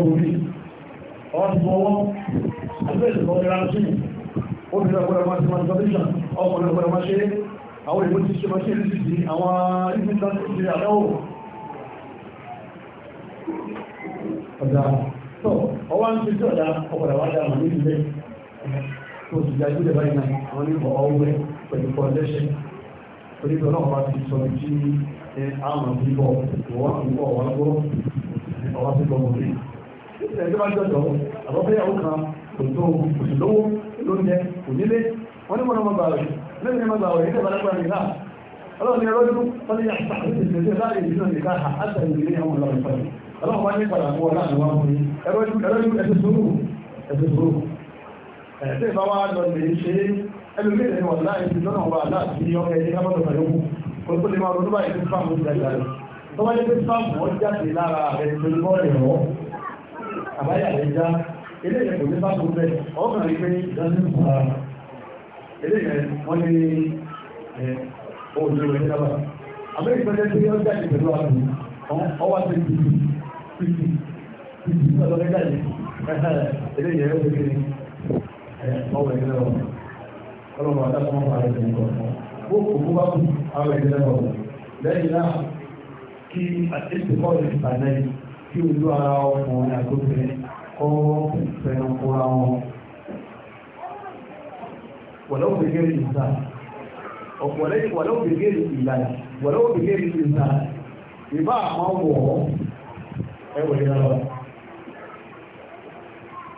ìyàwó ọwọ́ ti fọwọ́ àgbẹ̀sẹ̀ fọwọ́ nira sí obìnrin ọgbọ́dọ̀ máa ti máa tọ́lẹ́sàn ọkùnrin ọgbọ́dọ̀ máa ṣe àwọn ìwé ti ṣe máa ṣe lẹ́sì àdáwò ọ̀dà tó ọwọ́ ń ṣe tí ọ̀dà ọkọ̀dà wá dáa ní ilé tó ti dájú lè báyìí náà wọ́n ní ọ̀ọ́ wẹ́ pẹ̀lú fọ́ndẹ́ṣẹ́ onígbọ̀n náà wá ti sọ ẹjọ́ bá jọjọ àbọ̀fẹ́yàwó kan kò tó oṣù lówó lóúnjẹ kò nílé wọ́n ní mọ́nà mọ́gbà rẹ̀ lẹ́yìn mọ́gbà rẹ̀ ìjọba lágbà rẹ̀ náà ọlọ́run ni ọlọ́dún wọ́n ní àṣà àti ìṣẹ̀lẹ̀ láàrin ìdílé nìkan àtàrí ìdílé àwọn ọlọ́run pẹ̀lú ọlọ́run wá ní padà fún ọlá àwọn ọmọ yìí ẹlọ́dún ẹsẹ̀ sóró ẹsẹ̀ sóró ẹ̀ẹ́dẹ́ bá wá lọ lè ṣe ẹlòmíràn ní wọ̀n láì fi lọ́nà wà láti ọmọ ẹni lábọ́dọ̀ pẹ̀lú kó lè máa ronú báyìí fún fáàmù ìgbàgbà rẹ̀ tó wáyé pé fáàmù ọ jáde lára rẹ̀ pẹ̀lú bọ́ọ̀lù ẹ̀rọ àbáyà rẹ̀ kò ní bá tó bẹ́ ọkàn rí pé ìpàá eléyẹ̀ wọ́n ní òòlù rẹ̀ dábà àbẹ́ tí ó jáde pẹ̀lú àbù ọwá tó ti pìtì pìtì ọlọ́rẹ́ ó ti ọwọ́ ẹ̀gbẹ́ ọ̀ ọlọ́rọ̀ àtàkùn ààrẹ ìgbẹ́ ọ̀pọ̀ gbogbo kó bá kú àwọn ìgbẹ́ lẹ́yìn náà kí àtẹ́sìkọ́ ìpàdé kí ojú ara ọkùnrin àtòbìnrin kọ́ fẹ́ràn kóra wọn. wọ̀lọ́wọ́ gbẹ̀gẹ́rì ìgbà ìbá àwọn wọ̀ ẹwẹ̀ náà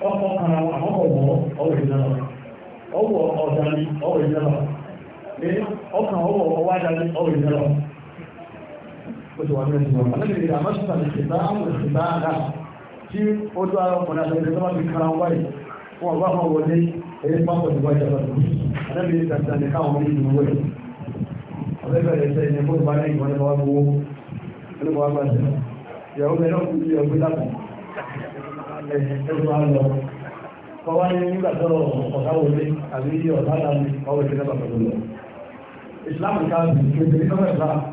ọkọ̀ kan àwọn ọ̀wọ̀ ọwọ̀ ọwọ̀ ó ti wà ní ẹ̀sìn wọn alẹ́ ìdílé àmọ́sùn àti ìṣẹ̀dá àwọn ìṣẹ̀dá àdá tí ó tó ara ọkùnrin àti ẹ̀sìn tó bá fi kára wáyé wọn bá wọn wọlé ẹ̀yẹ pápọ̀ ìwà ìjọba alẹ́ ìdílé tàbí àti káwọn ní ìlú wẹ̀ ọ̀lẹ́bẹ̀rẹ̀ ẹ̀sẹ̀ ìyẹn kó bá ní ìwọ̀n nípa wá gbowó nípa wá gbà sí ìyàwó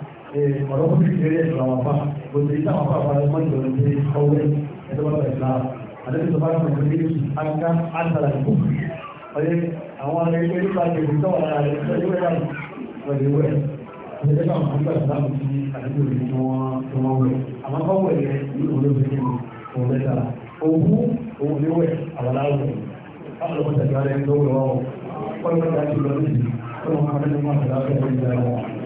ọ̀rọ̀ fún kékeré ẹ̀sùn àwọn afá gbogbo ìta àwọn afá àwọn ọmọ ìjọ lóde ọwẹ́ ẹ̀dọ́gbọ́n ẹ̀sà àdébí tó bá rẹ̀ pẹ̀lú ní aká àtàlà ìbò ọ̀yẹ́ àwọn ẹgbẹ́ nípa ìgbè tó wà lára rẹ̀ pẹ̀lú ẹ̀dá pẹ̀lú ẹ̀ ọ̀yẹ́ náà fún ìgbà ìsìlá mi sí àdébí òbí tí wọ́n tó wọ́n wẹ̀ àmọ́ kọ́ wẹ̀ yẹ ní olóbi ní òun lẹ́ta òwú òun ní wẹ̀ àwọn aláwọ̀ àwọn ọmọ ìjọba rẹ̀ ń lọ́wọ́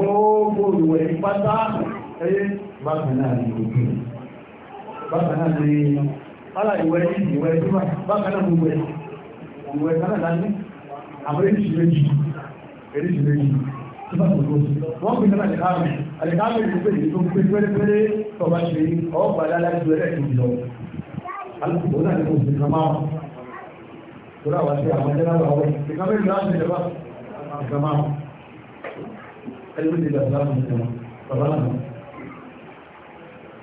gbogbo olùwẹ̀ pátá ẹyẹ bákan náà ní gbogbo bákan náà ní pálá ìwẹ̀ ìwẹ̀ ìwẹ̀ bákan náà gbogbo ìwẹ̀ kan náà ní àwọn èdè ìṣẹ́jì èdè ìṣẹ́jì tó bá gbogbo wọ́n pè náà àlẹ́káàmì àlẹ́káàmì ìlú pé ìlú tó pé pérépéré tó bá ṣe ọgbà dáadáa ju ẹlẹ́kùnrin lọ alùpùpù náà ní gbogbo ìkan máa tó ráwà sí àwọn ẹgbẹ́ náà wà wẹ́ ìkan mẹ́rin láti ìjọba ẹgbẹ́ ti bàbá mi sọ bàbá mi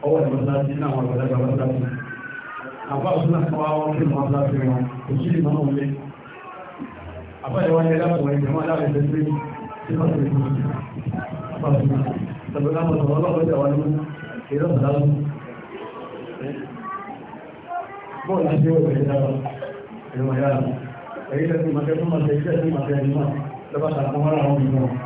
ọwọ́ ìwọ̀n náà ti náà wọn bàbá bàbá bàbá mi àbá òsùn náà wá wọn kí wọn bàbá mi wọn kò sí ìmọ̀ wọn lé àbá ìwọ̀n yẹn lápò wọn ìjọba láàrin ẹgbẹ́ tí wọ́n ti rí àbá òsùn náà tàbí láwọn ọ̀sán ọlọ́pàá ìjà wọn ní èrè ọ̀sán bọ́ọ̀lù àti ìwọ̀n ìjà wọn ẹ̀rọ ìyá ẹ̀yìn lẹ́sìn màkẹ́ fún màkẹ́ iṣẹ́ sí màkẹ́ ẹ̀yìn náà lọ́pàá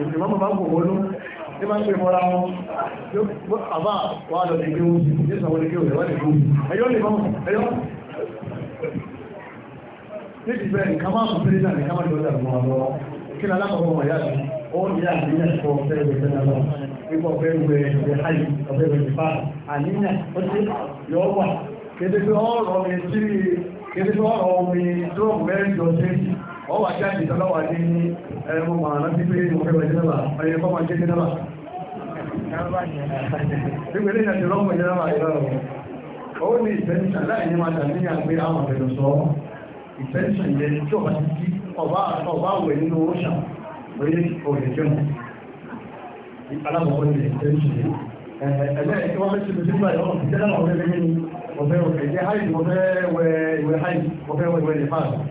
èsì mọ́mọ́ bá gbogbo olú tí máa ń pè mọ́ra wọn àbá wà lọ sí kéwù ní ìsànwó ní kéwù lẹ́wọ́n nìkú ẹ̀yọ́ lè mọ́mọ́ ẹ̀yọ́ ní ti bẹ́ẹ̀ nìkan máa kò péré náà nìkan máa lọ́jà mọ́ àwọn kí ni alákọ̀ọ́ wọn yá sí ó ní àníyàn kọ́ fẹ́ẹ́ lè fẹ́ náà lọ nípa ọ̀fẹ́ ìwé ìwé háì ọ̀fẹ́ ìwé ìfà àníyàn ó ti yọ wà kéde bí ọ̀rọ̀ mi sí kéde bí ọ̀rọ̀ mi dúró ọ jáde ìtọ́lọ́wà ní ẹ̀rọ màá rántí pé mo fẹ́ wẹ̀ jẹ́nàbà ẹ̀yẹ jẹ́ jẹ́nàbà nígbè lè yàtì lọ́mọ jẹ́nàbà ó ní ìfẹ́ǹsà láìní máa tàbí àgbé àwọn àbẹ̀rẹ̀ sọ ìfẹ́ǹsà yẹn tí ọba ti kí ọba wẹ̀ nínú oṣà lórí òyìn jẹun alábọ̀kọ́ ní ìfẹ́ǹsà yẹn ẹ̀ẹ́dẹ́ ìwọ́n fẹ́ ṣe fi sígbà ìwọ́n fi tẹ́lẹ̀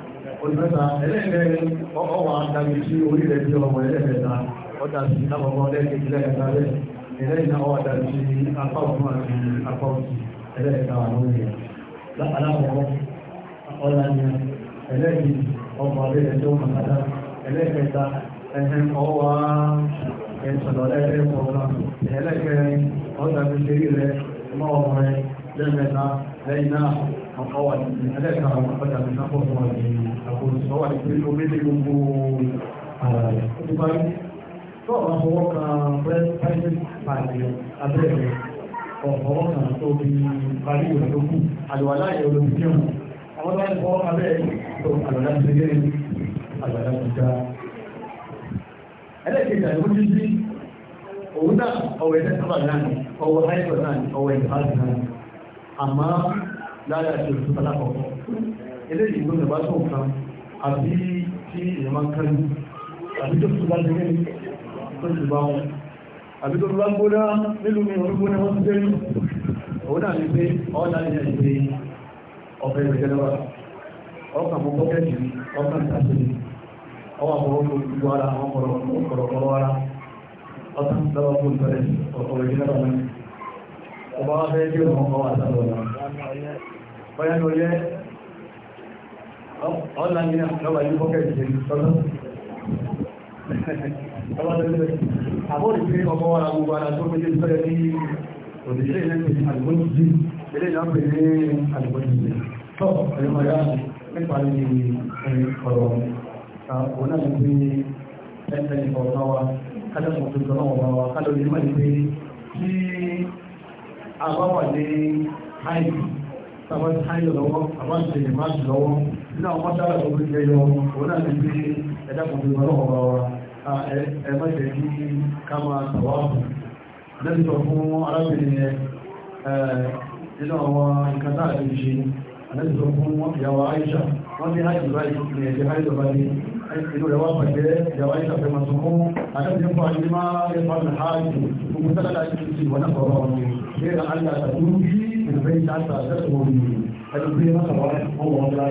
onímẹ́ta ẹlẹ́ẹ̀kẹ́ ọwọ́ àdàbí sí orí bí ọmọ ẹlẹ́ẹ̀kẹta ọjà sí lábọ̀bọ̀ lẹ́ẹ̀kejì lẹ́ẹ̀kẹta ọwọ́ àdàbí sí apá òfin àti apá òsì ẹlẹ́ẹ̀kẹta àwọn ènìyàn àkọ́kọ́ wà ní ẹlẹ́ẹ̀kan àwọn ọ̀pọ̀jà ní sápọ̀tọ̀ wà ní àkóso wà ní pé ó méjì gbogbo ààrẹ tó ọ̀rọ̀ fọwọ́ kan private party abẹ́rẹ́ ọ̀fọwọ́ kan tó bí parí ìwé tó kù àlùwà láàyè olóbi jẹun àwọn tó ń fọwọ́ abẹ́rẹ́ tó àlùwà ti gé àlùwà ti ga. ẹlẹ́ẹ̀kejì àti ojú sí òun náà ọ̀wẹ̀ ẹ̀dẹ́sọ̀rọ̀ náà ọwọ́ àìsàn náà ọwọ́ ìfàsì náà àmọ́ lára ṣe òṣù alákọ̀ọ́kọ́ eléyìí ló lẹ̀bá tó nǹkan àbí tí èèyàn máa ń kárí àbí tó tó bá ti rí tó ti bá wọn àbí tó bá ń gbóná nílùú mi orúkú ni wọ́n ti dé òun náà ní pé ọ́ náà ní ẹ̀sìn pé ọ̀fẹ́ ìrẹ̀jẹ̀ lọ́wọ́ ọkà mọ́ bọ́kẹ́tì ni ọkà ń tàṣe ni ọwọ́ àbọ̀wọ́ ló ju ara àwọn kọ̀rọ̀kọ̀rọ̀ ara ọkà ń tàbí ọkọ̀ ìtọ́lẹ̀ ọ̀rọ̀ ìjẹ́ lọ́wọ́ náà ọba wá fẹ́ kí o mọ́ ọwà sọ́dọ̀ wọn ọya ní oyẹ́ ọ̀la ní ọba yìí bọ́kẹ̀ ìṣẹ́ sọ́dọ̀ ọba ọkọ̀ wà gbogbo ara tó péjé sọ́dọ̀ ní òdìṣẹ́ ilẹ̀ pé àlùbọ́jì ilé ìlànà wa kájọ́ mọ̀ tó tọ́lọ́wọ́ wa kájọ́ ní mọ̀ ní àbáwà ní àìsí tàbá ti háyè lọ́wọ́ àbá ti tẹ̀lé máa ti lọ́wọ́ nínú àwọn mọ́tàlá tó gbé jẹyọ òun náà ti gbé ẹ̀dá kan tó lọ́wọ́ bá wa ẹ má jẹ́ kí ká máa tàwa kù lẹ́bi sọ fún arábìnrin yẹn nínú àwọn nǹkan tá a ti ṣe àlẹ́bi sọ fún ìyàwó Aisha wọ́n ti háyè inú rẹ̀ wá pẹ̀lẹ́ ìyàwó ayé tàbí màtún mú àtàbí nípa ayé máa rẹ̀ bá mi háàjù gbogbo sálàdà ti ti wọ́n náà sọ̀rọ̀ ọ̀run ní ẹ̀rọ ayé àtàkùn bí ìrìnfẹ́ ìta àtà àtẹ́sùn omi ẹni pé wọ́n sọ̀rọ̀ wọ́n wọ́n gbá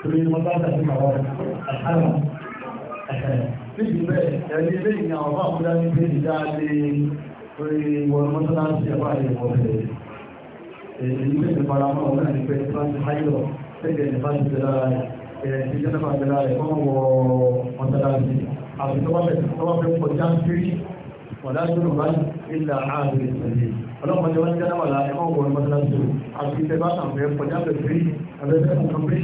torí wọ́n bá tàbí màwọ́ àtàrà níbi bẹ́ẹ̀ ẹni ilé ìyìn àwọn bá kúrẹ́ ní pé ìdá lé orí wọn mọ́sálásí àbá yẹn wọ́n bẹ̀rẹ̀ èyí lè fi fara mọ́ ọ̀rẹ́ nípa ìfásitì háyọ̀ tẹ́gẹ̀ẹ́ ìfásitì lára rẹ̀ ìṣẹ́ náà bàbá rẹ̀ wọ́n wọ mọ́sálásí àti tó bá fẹ́ kọjá sírí wọ̀dá dúró bá ilà ààrẹ ìṣẹ̀lẹ̀ ọlọ́pàá jẹ́ wọ́n jẹ́ náà wàlá ẹ̀wọ̀n wọ mọ́sálásí àti ìṣẹ́ bá kàn fẹ́ kọjá sírí abẹ́fẹ́ nǹkan bí.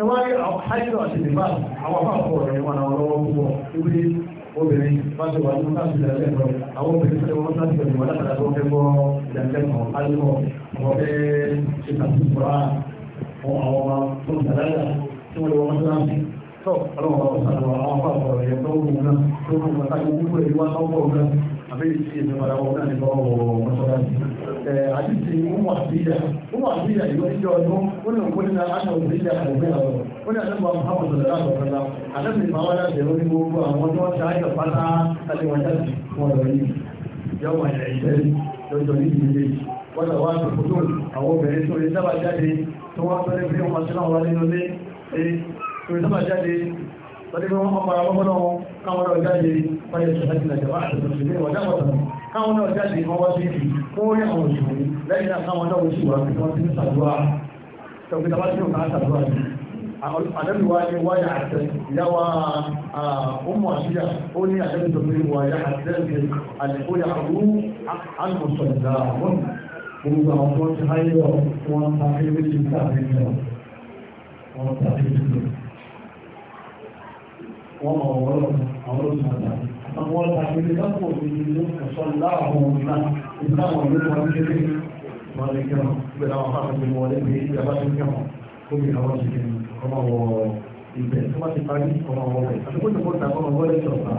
ẹ wá rí àìsàn àti ìdìbà àwọn afá àpò ọ̀rọ̀ ìwọ̀n àwọn ọlọ́wọ́ púpọ̀ ibi obìnrin bá ti wà ní mọ́sálásí rẹ̀ lẹ́gbẹ̀ẹ́ àwọn obìnrin fẹ́ mọ́sálásí rẹ̀ wọ́n látara tó fẹ́ bọ́ ìdàkẹ́kọ̀ọ́ alẹ́ àwọn ọmọ tó ń tẹ̀lé àyà tí wọ́n lè wọ́n mọ́sálásí tó ọlọ́wọ́ ọ̀sán àwọn afọ àkọ̀rọ̀ yẹn tó wù náà tó wù náà táyé gbogbo èyí wá sọ́wọ́ náà àbí ìṣèlú ara wọn náà nípa ọ̀rọ̀ mọ́sálásí. àdìsí wọ́n àbíyà wọ́n àbíyà ìwé ìjọ ọdún ó ní òkú nínú aṣọ òbíyà òbí ọ̀rọ̀ ó ní àdébọ̀ àwọn ọ̀sọ̀rọ̀ àgbàgbà àdébọ̀ ìbáwá láti ẹ̀rọ ní gbogbo àwọn tó wọ́n ti ayọ̀ pátá láti wọ́n jáde wọ́n lọ wọ́n wá tó kúrò àwọn obìnrin tó lè sábà jáde tó wá fẹ́rẹ́ bí wọ́n ṣe náà wà nínú lé èyí tó lè sábà jáde wọ́n ti fi wọ́n mara wọ́n mọ́nà wọn káwọn náà jáde wọ́n yẹ sọ́jà sílẹ̀ jọba àtẹ̀sọ̀sọ̀ ní ìwọ̀n dáwọ̀ tán káwọn náà jáde wọ́n wá sí ìdí kó rí àwọn òṣèlú lẹ́yìn náà káwọn náà oṣù wà fi wọ́n ti ń ṣàdúrà tọ́gbẹ́ tàbá tí ó ká ṣàdúrà ní àdẹ́bí wa ní wáyà àtẹ ìyáwá ọmọ àṣíyà ó ní àdẹ́bí tó fi wáyà àtẹ́ àti ó yà àrùn àlùmọ̀sọ̀ ìdára gbogbo àwọn tó ń ṣáyọ̀ wọn ta méjì tàbí lọ wọn tàbí lọ wọn mọ̀ wọ́rọ̀ àwọn olùsọ̀dá àwọn tàbí lọ́pọ̀ òbí ló sọ láàrùn ọ̀nà ìtàwọn olùwọ́n kéré wọn lè kẹrọ gbẹ̀rẹ̀ àwọn afáfẹ́ tó wọlé bí ìjọba tó kẹrọ kóbi àwọn ṣìkẹ́ ọmọ wọ ibẹ̀ tó bá ti parí ọmọ wọ bẹ̀ àti kó tó kó ta ọmọ wọlé ìjọba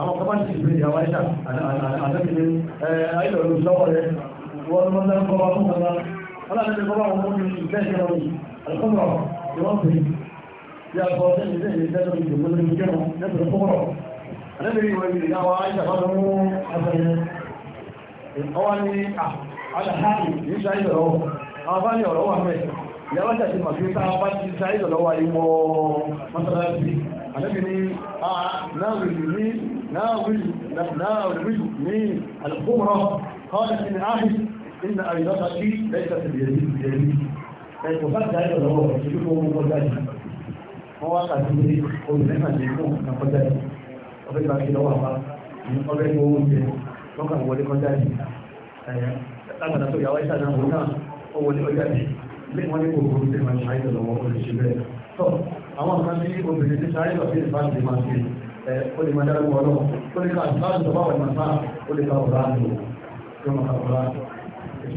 àwọn kọ́ bá ti ṣe ìgbéyàwó àìsà àti àti àti àti àti àti wọ́n àwọn àìsàbá ló mú àtẹ̀yẹ ọwọ́ ní àlàáhàrì ní sáyẹ̀ ọ̀rọ̀ àwọn bá ní ọ̀rọ̀ wà mẹ́ ìyàwó ṣàti màfi tá a bá ti sáyẹ̀ nínú àyíká sí lẹ́yìn tó lè rí ìrẹ́ rí ẹ̀kọ́ bá dá ẹ̀rọ lọ́wọ́ ìṣẹ́jú tó wọ́n kọjá yìí wọ́n wá kà sí olùmẹ́fà ní fún àkọjá yìí ọbẹ̀ ìgbà sí lọ́wọ́ àpá ọbẹ̀ ìgbà owó jẹ lọ́kà wọlé kọjá yìí látàdà tó yàwó ìṣàdá òun náà ó wọlé kọjá yìí lẹ́wọ́n ní kòkòrò tẹ̀ máa ṣe àyíká lọ́wọ́ olùṣẹ́ bẹ́ẹ̀ tọ́ àwọn kan ní obìnrin ti sáré lọ sí ìfáàsì máa ṣe ó lè máa dárúkọ ọlọ́run ó lè ka àtúbáàdùn tó bá wà ní màtá ó lè ka ọ̀rá àdùn tó máa ka ọ̀rá àdùn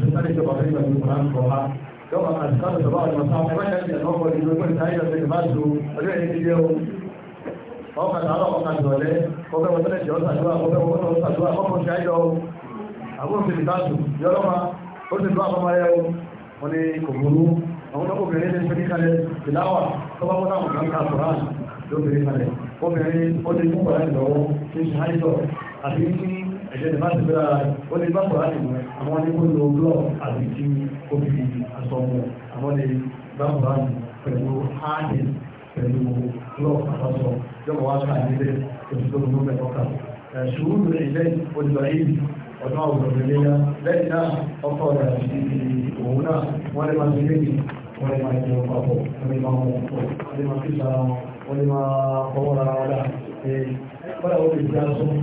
misali da bakari da musulman kowa yau ba a cikin da ba a masu amma ya ce ba wani dogon ta yi da zai ba su a zai yi biyu ọkà tààrà ọkà tọ̀lẹ́ ọgbẹ́ wọn tẹ́lẹ̀ jọ sàdúrà ọgbẹ́ wọn tẹ́lẹ̀ sàdúrà ọkọ̀ tí a yọ àwọn òfin ìtàṣù yọlọ́mà ó sì tó àpamọ́ ẹ̀ wọn ni kò burú àwọn tó obìnrin lè fi kalẹ̀ ìláwà tó bá wọn àwọn kan ká sọ̀rọ̀ lóbìnrin kalẹ̀ obìnrin ó lè fún pẹ̀lú ìlọ́wọ́ tí ń ṣe àìsọ̀ àti ní ẹ̀jẹ̀ lè má ti fẹ́ra ó lè bá kọ̀ọ̀rá nìmọ̀ àwọn ní kó lo blọ́ àti tí ó fi àsọmọ àwọn lè bá kọ̀ọ̀rá nìmọ̀ pẹ̀lú áàdì pẹ̀lú blọ́ àtọ́sọ yọ̀kọ̀ wá ká nílé òṣìṣẹ́ olùkọ́ mẹ́kọ̀ ká ṣùgbọ́n ilé olùgbà yìí ọ̀dọ́ àwòrán ìlera lẹ́yìn náà ọkọ̀ rẹ̀ àti òun náà wọ́n lè máa ti lébi wọ́n lè máa ti lọ papọ̀ wọ́n lè máa wọ́n pọ̀ wọ́n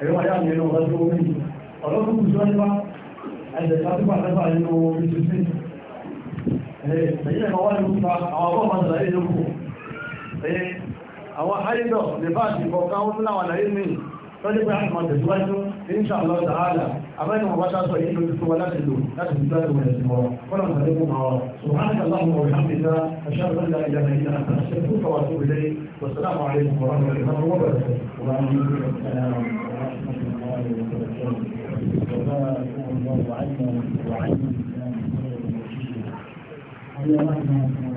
ẹ̀rọ ayá mi lọ ọjọ́ orí ọlọ́dún kù sọ́yìnbá ẹ̀jẹ̀ lọ́dún pé àmọ́ tẹ̀síwájú insha Allah ta'ala abẹ́ni wọn bá sáṣọ yìí lójú tó wá láti lò láti fi dáàbò rẹ̀ sí wọn kọ́nà tàbí kó máa wọ subhanaka allahumma wa bihamdika ashhadu an